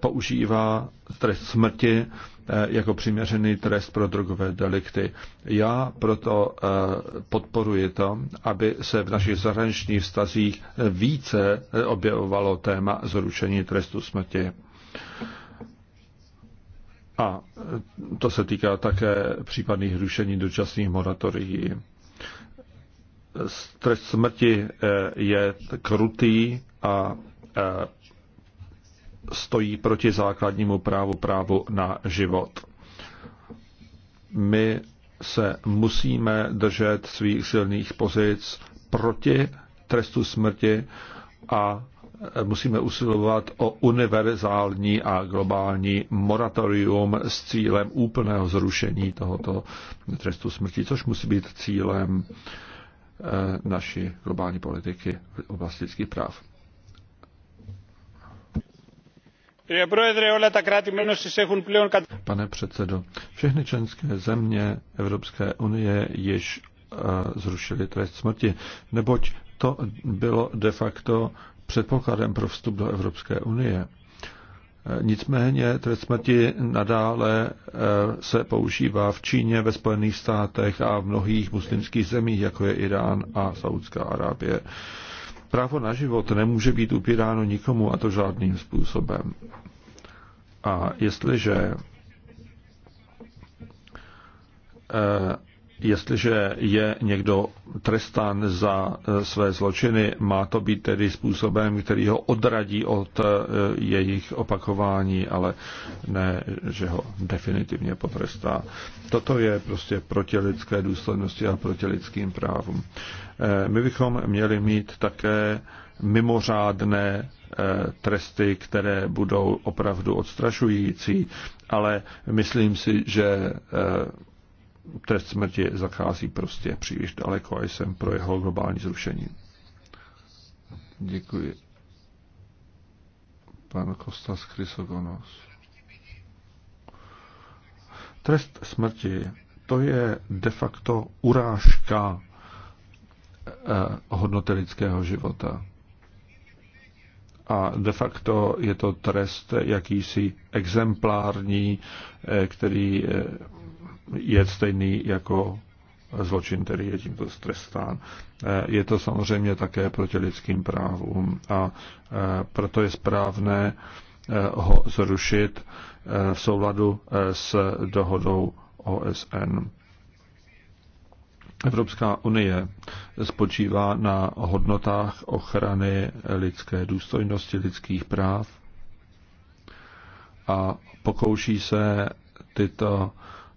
používá trest smrti jako přiměřený trest pro drogové delikty. Já proto podporuji to, aby se v našich zahraničních vztazích více objevovalo téma zrušení trestu smrti. A e, to se týká také případných rušení dočasných moratorií. Trest smrti e, je krutý a e, stojí proti základnímu právu, právu na život. My se musíme držet svých silných pozic proti trestu smrti a musíme usilovat o univerzální a globální moratorium s cílem úplného zrušení tohoto trestu smrti, což musí být cílem eh, naší globální politiky v oblasti lidských práv. Pane předsedo, všechny členské země Evropské unie již eh, zrušili trest smrti, neboť to bylo de facto předpokladem pro vstup do Evropské unie. Nicméně trest smrti nadále eh, se používá v Číně, ve Spojených státech a v mnohých muslimských zemích, jako je Irán a Saudská Arábie. Právo na život nemůže být upíráno nikomu a to žádným způsobem. A jestliže eh, Jestliže je někdo trestán za eh, své zločiny, má to být tedy způsobem, který ho odradí od eh, jejich opakování, ale ne, že ho definitivně potrestá. Toto je prostě proti lidské důslednosti a proti lidským právům. Eh, my bychom měli mít také mimořádné tresty, které budou opravdu odstrašující, ale myslím si, že trest smrti zachází prostě příliš daleko a jsem pro jeho globální zrušení. Děkuji. Pan Kostas Chrysogonos. Trest smrti to je de facto urážka eh, hodnoty lidského života. A de facto je to trest jakýsi exemplární, eh, který eh, je stejný jako zločin, který je tímto strestán. Eh, je to samozřejmě také proti lidským právům a eh, proto je správné eh, ho zrušit v souladu s dohodou OSN. Evropská unie spočívá na hodnotách ochrany lidské důstojnosti, lidských práv a pokouší se tyto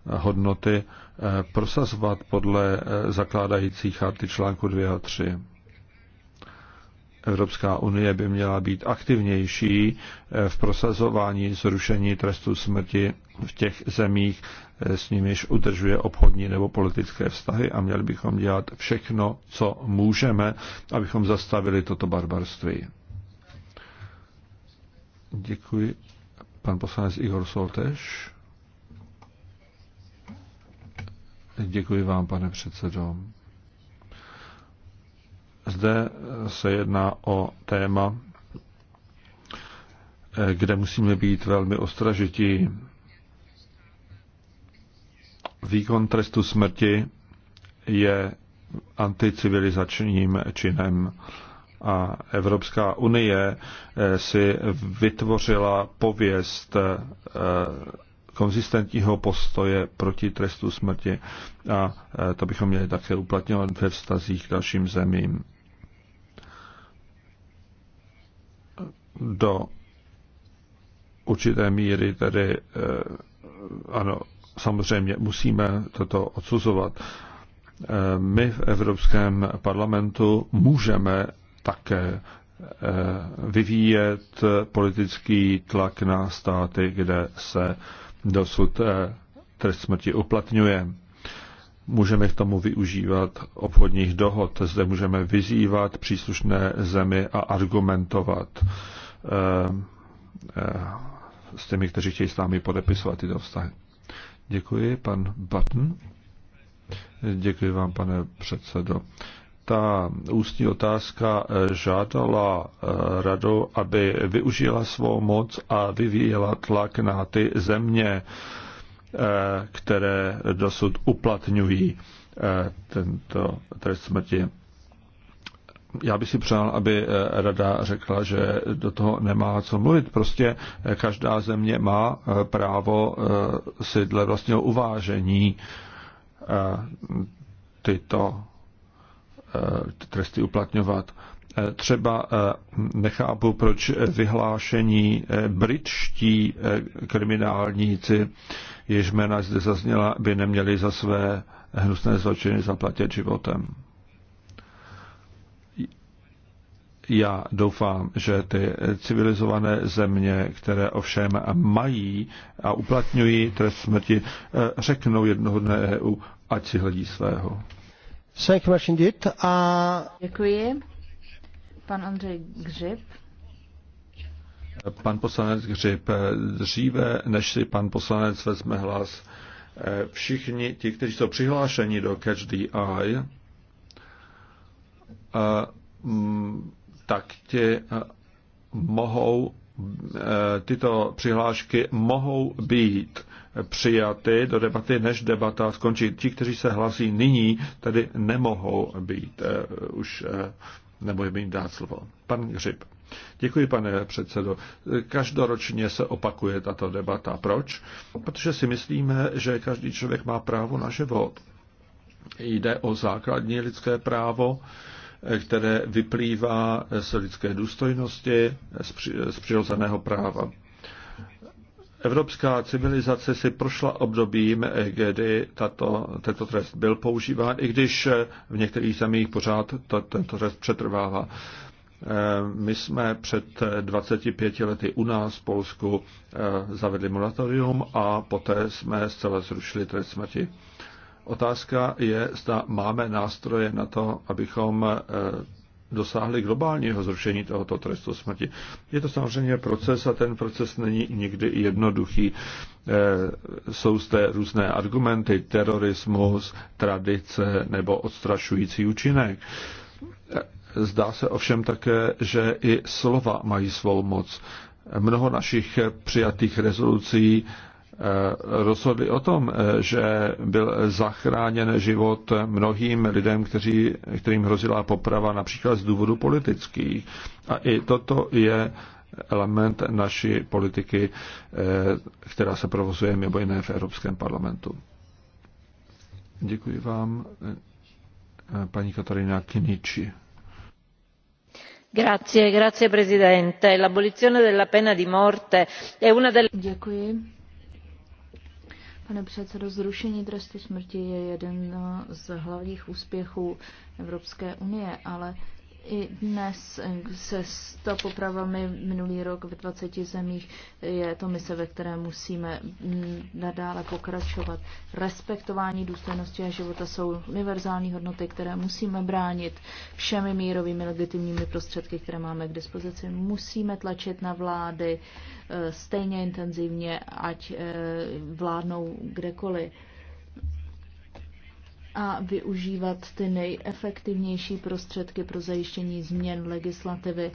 hodnoty eh, prosazovat podle eh, zakládající charty článku 2 a 3. Evropská unie by měla být aktivnější eh, v prosazování zrušení trestu smrti v těch zemích, s nimiž udržuje obchodní nebo politické vztahy a měli bychom dělat všechno, co můžeme, abychom zastavili toto barbarství. Děkuji. Pan poslanec Igor Soltež. Děkuji vám, pane předsedo. Zde se jedná o téma, kde musíme být velmi ostražití. Výkon trestu smrti je anticivilizačním činem a Evropská unie si vytvořila pověst eh, konzistentního postoje proti trestu smrti a e, to bychom měli také uplatňovat ve vztazích k dalším zemím. Do určité míry tedy e, ano, samozřejmě musíme toto odsuzovat. E, my v Evropském parlamentu můžeme také vyvíjet politický tlak na státy, kde se dosud eh, trest smrti uplatňuje. Můžeme k tomu využívat obchodních dohod. Zde můžeme vyzývat příslušné zemi a argumentovat eh, eh, s těmi, kteří chtějí s námi podepisovat tyto vztahy. Děkuji, pan Button. Děkuji vám, pane předsedo ta ústní otázka eh, žádala eh, radu, aby využila svou moc a vyvíjela tlak na ty země, eh, které dosud uplatňují tento trest smrti. Já bych si přál, aby rada řekla, že do toho nemá co mluvit. Prostě každá země má právo si dle vlastního uvážení tyto Eh, tresty uplatňovat. Eh, třeba eh, nechápu, proč vyhlášení britští kriminálníci, jež jména zde zazněla, by neměli za své hnusné zločiny zaplatit životem. Já doufám, že ty civilizované země, které ovšem mají a uplatňují trest smrti, řeknou jednoho dne EU, ať si hledí svého. A... Děkuji. Pan Andrej Gřib. Pan poslanec Gřib, eh, dříve než si pan poslanec vezme hlas, eh, všichni ti, kteří jsou přihlášeni do Catch the Eye, eh, mm, tak ti mohou, tyto přihlášky mohou být přijaty do debaty, než debata skončí. Ti, kteří se hlasí nyní, tedy nemohou být uh, už uh, nebo jim dát slovo. Pan Hřib. Děkuji, pane předsedo. Každoročně se opakuje tato debata. Proč? Protože si myslíme, že každý člověk má právo na život. Jde o základní lidské právo, eh, které vyplývá z lidské důstojnosti, z přirozeného práva. Evropská civilizace si prošla obdobím, kdy tato, tento trest byl používán, i když v některých zemích pořád to, tento trest přetrvává. Eh, my jsme před 25 lety u nás v Polsku eh, zavedli moratorium a poté jsme zcela zrušili trest smrti. Otázka je, zda máme nástroje na to, abychom eh, dosáhli globálního zrušení tohoto trestu smrti. Je to samozřejmě proces a ten proces není nikdy jednoduchý. Eh, jsou zde různé argumenty, terorismus, tradice nebo odstrašující účinek. Eh, zdá se ovšem také, že i slova mají svou moc. Mnoho našich přijatých rezolucí rozhodli o tom, eh, že byl zachráněn život mnohým lidem, kteří, kterým hrozila poprava například z důvodu politických. A i toto je element naší politiky, eh, která se provozuje mimo jiné v Evropském parlamentu. Děkuji vám, eh, paní Katarina Kiniči. Grazie, grazie presidente. L'abolizione della pena di morte è una delle... Děkuji Pane předsedo, zrušení trestu smrti je jeden eh, z hlavních úspěchů Evropské unie, ale i dnes eh, se to popravami minulý rok v 20 zemích je to mise, ve které musíme mm, nadále pokračovat. Respektování důstojnosti a života jsou univerzální hodnoty, které musíme bránit všemi mírovými legitimními prostředky, které máme k dispozici. Musíme tlačit na vlády eh, stejně intenzivně, ať eh, vládnou kdekoliv a využívat ty nejefektivnější prostředky pro zajištění změn legislativy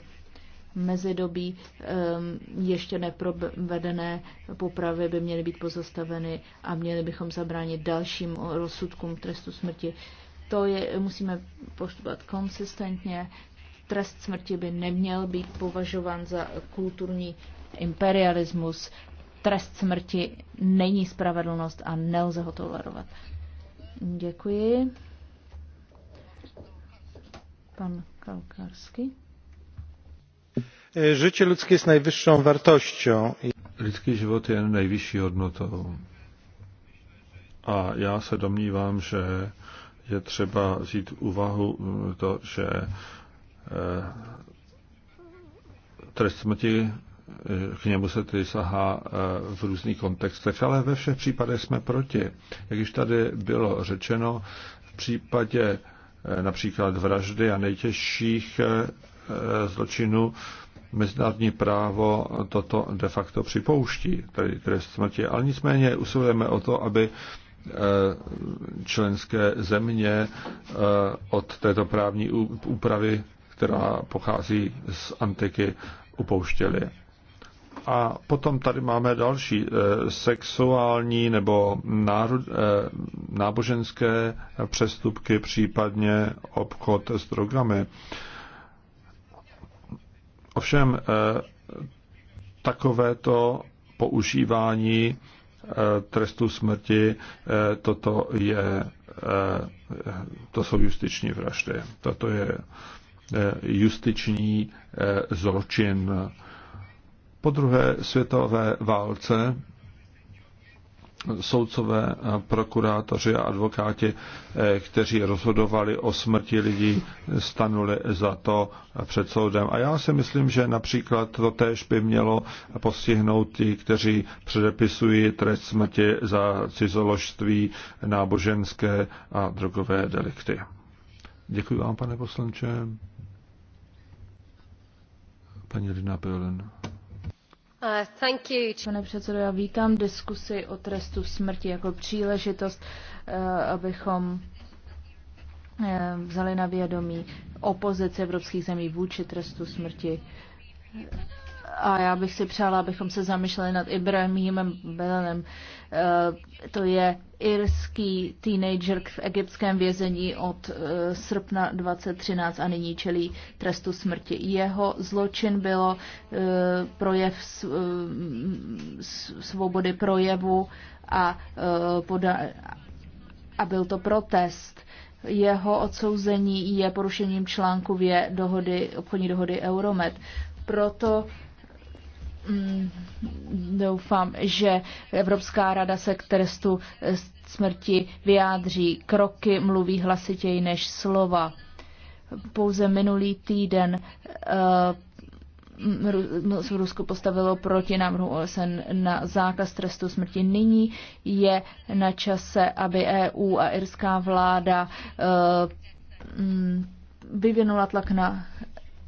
mezidobí ehm, ještě neprovedené popravy by měly být pozastaveny a měli bychom zabránit dalším rozsudkům trestu smrti. To je, musíme postupovat konsistentně. Trest smrti by neměl být považován za kulturní imperialismus. Trest smrti není spravedlnost a nelze ho tolerovat. Děkuji. Pan Kalkarski. Życie ludzkie jest najwyższą wartością. Lidský život je nejvyšší hodnotou. A já se domnívám, že je třeba vzít úvahu to, že eh, trest smrti Eh, k němu se tedy sahá eh, v různých kontextech, ale ve všech případech jsme proti. Jak již tady bylo řečeno, v případě eh, například vraždy a nejtěžších zločinů mezinárodní právo toto de facto připouští, tedy trest smrti. Ale nicméně usilujeme o to, aby členské země od této právní úpravy, která pochází z antiky, upouštěly. A potom tady máme další eh, sexuální nebo eh, náboženské přestupky, případně obchod s drogami. Ovšem eh, takovéto používání trestu smrti, toto je, to jsou justiční vraždy. Toto je justiční zločin po druhé světové válce soudcové, prokurátoři a advokáti, eh, kteří rozhodovali o smrti lidí, stanuli za to před soudem. A já si myslím, že například to též by mělo postihnout ti, kteří předepisují trest smrti za cizoložství, náboženské a drogové delikty. Děkuji vám, pane poslanče. Paní Lina Piolen. Uh, Pane předsedo, já vítám diskusi o trestu smrti jako příležitost, uh, abychom uh, vzali na vědomí opozici evropských zemí vůči trestu smrti. A já bych si přála, abychom se zamýšleli nad Ibrahimem Belenem. To je irský teenager v egyptském vězení od eh, srpna 2013 a nyní čelí trestu smrti. Jeho zločin bylo eh, projev eh, svobody projevu a, poda- a byl to protest. Jeho odsouzení je porušením článku 2 dohody, obchodní dohody Euromed. Proto Mm, doufám, že Evropská rada se k trestu eh, smrti vyjádří. Kroky mluví hlasitěji než slova. Pouze minulý týden uh, Rusko postavilo proti návrhu OSN na zákaz trestu smrti. Nyní je na čase, aby EU a irská vláda uh, vyvinula tlak na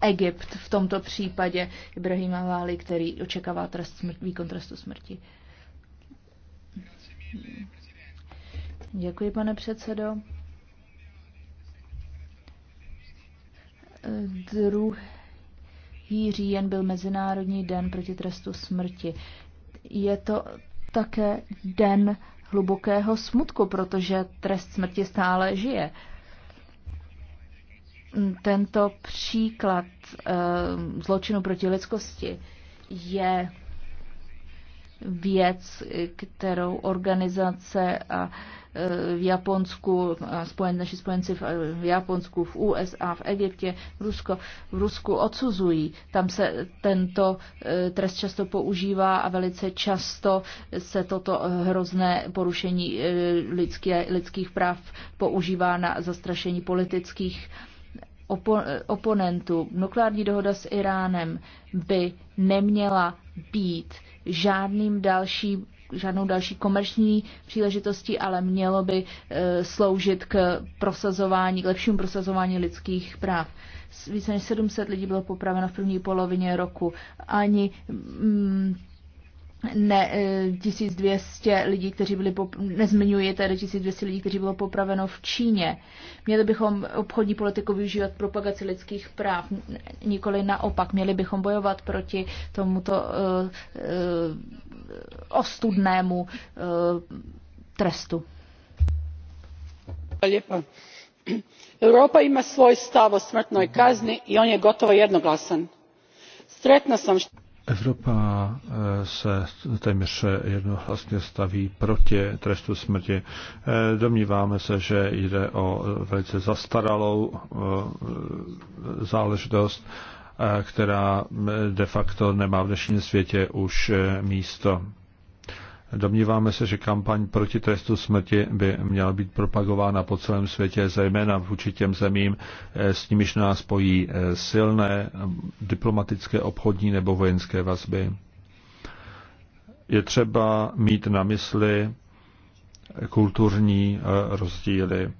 Egypt v tomto případě Ibrahima Váli, který očekává trest smrti, výkon trestu smrti. Děkuji, pane předsedo. Druhý říjen byl Mezinárodní den proti trestu smrti. Je to také den hlubokého smutku, protože trest smrti stále žije. Tento příklad eh, zločinu proti lidskosti je věc, kterou organizace a eh, v Japonsku, spojen, naši spojenci v Japonsku, v USA, v Egyptě, v, Rusko, v Rusku odsuzují. Tam se tento eh, trest často používá a velice často se toto hrozné porušení lidské, lidských práv používá na zastrašení politických opo- oponentů. Nukleární dohoda s Iránem by neměla být žádným dalším žádnou další komerční příležitostí, ale mělo by e, sloužit k prosazování, k lepšímu prosazování lidských práv. Více než 700 lidí bylo popraveno v první polovině roku. Ani mm, ne, 1200 e, lidí, kteří byli, pop, nezmiňuji tedy 1200 lidí, kteří bylo popraveno v Číně. Měli bychom obchodní politiku využívat propagaci lidských práv, nikoli naopak. Měli bychom bojovat proti tomuto uh, uh, ostudnému uh, trestu. Lijepo. Evropa ima svoj stav o smrtnoj kazni i on je gotovo jednoglasan. Sretna sam što Evropa eh, se téměř eh, jednohlasně staví proti trestu smrti. Eh, domníváme se, že jde o velice zastaralou záležitost, která de facto nemá v dnešním světě už místo. Domníváme se, že kampaň proti trestu smrti by měla být propagována po celém světě, zejména v určitěm zemím, eh, s nimiž nás spojí eh, silné diplomatické, obchodní nebo vojenské vazby. Je třeba mít na mysli eh, kulturní rozdíly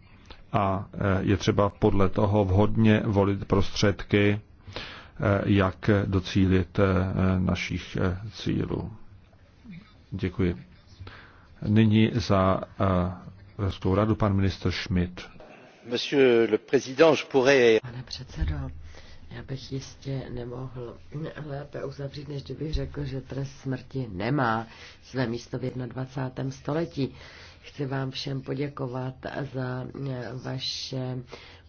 a je třeba podle toho vhodně volit prostředky, jak docílit našich cílů. Děkuji. Nyní za eh, Evropskou radu pan ministr Schmidt. Pane předsedo, já bych jistě nemohl lépe uzavřít, než kdybych řekl, že trest smrti nemá své místo v 21. století. Chci vám všem poděkovat za vaše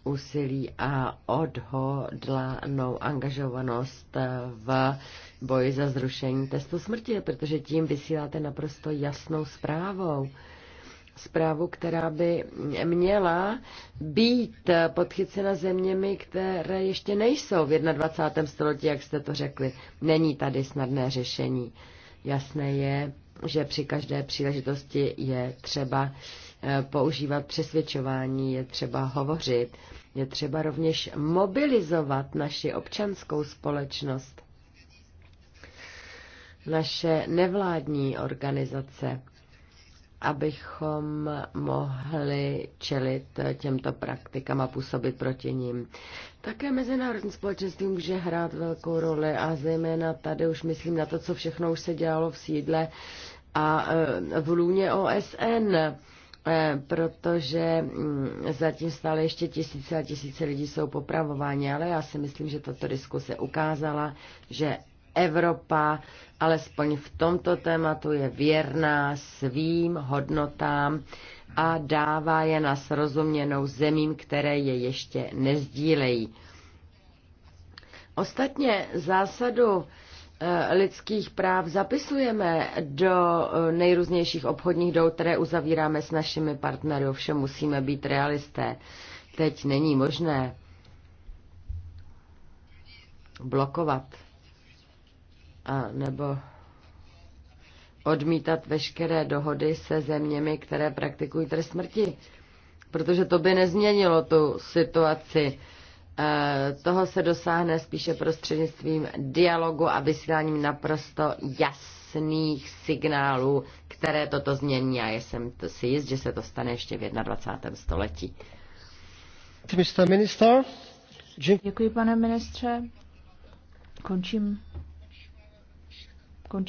úsilí a odhodlanou angažovanost v boji za zrušení testu smrti, protože tím vysíláte naprosto jasnou zprávou zprávu, která by měla být podchycena zeměmi, které ještě nejsou v 21. století, jak jste to řekli. Není tady snadné řešení. Jasné je, že při každé příležitosti je třeba eh, používat přesvědčování, je třeba hovořit, je třeba rovněž mobilizovat naši občanskou společnost, naše nevládní organizace, abychom mohli čelit těmto praktikám a působit proti ním. Také mezinárodní společenství může hrát velkou roli a zejména tady už myslím na to, co všechno už se dělalo v sídle a e, v lůně OSN e, protože mm, zatím stále ještě tisíce a tisíce lidí jsou popravováni, ale já si myslím, že tato diskuse ukázala, že Evropa alespoň v tomto tématu je věrná svým hodnotám a dává je na srozuměnou zemím, které je ještě nezdílejí. Ostatně zásadu eh, lidských práv zapisujeme do eh, nejrůznějších obchodních dohod, které uzavíráme s našimi partnery. Ovšem musíme být realisté. Teď není možné blokovat a nebo odmítat veškeré dohody se zeměmi, které praktikují trest smrti, protože to by nezměnilo tu situaci. E, toho se dosáhne spíše prostřednictvím dialogu a vysíláním naprosto jasných signálů, které toto změní a jsem si jist, že se to stane ještě v 21. století. Mr. Minister, Děkuji, pane ministře. Končím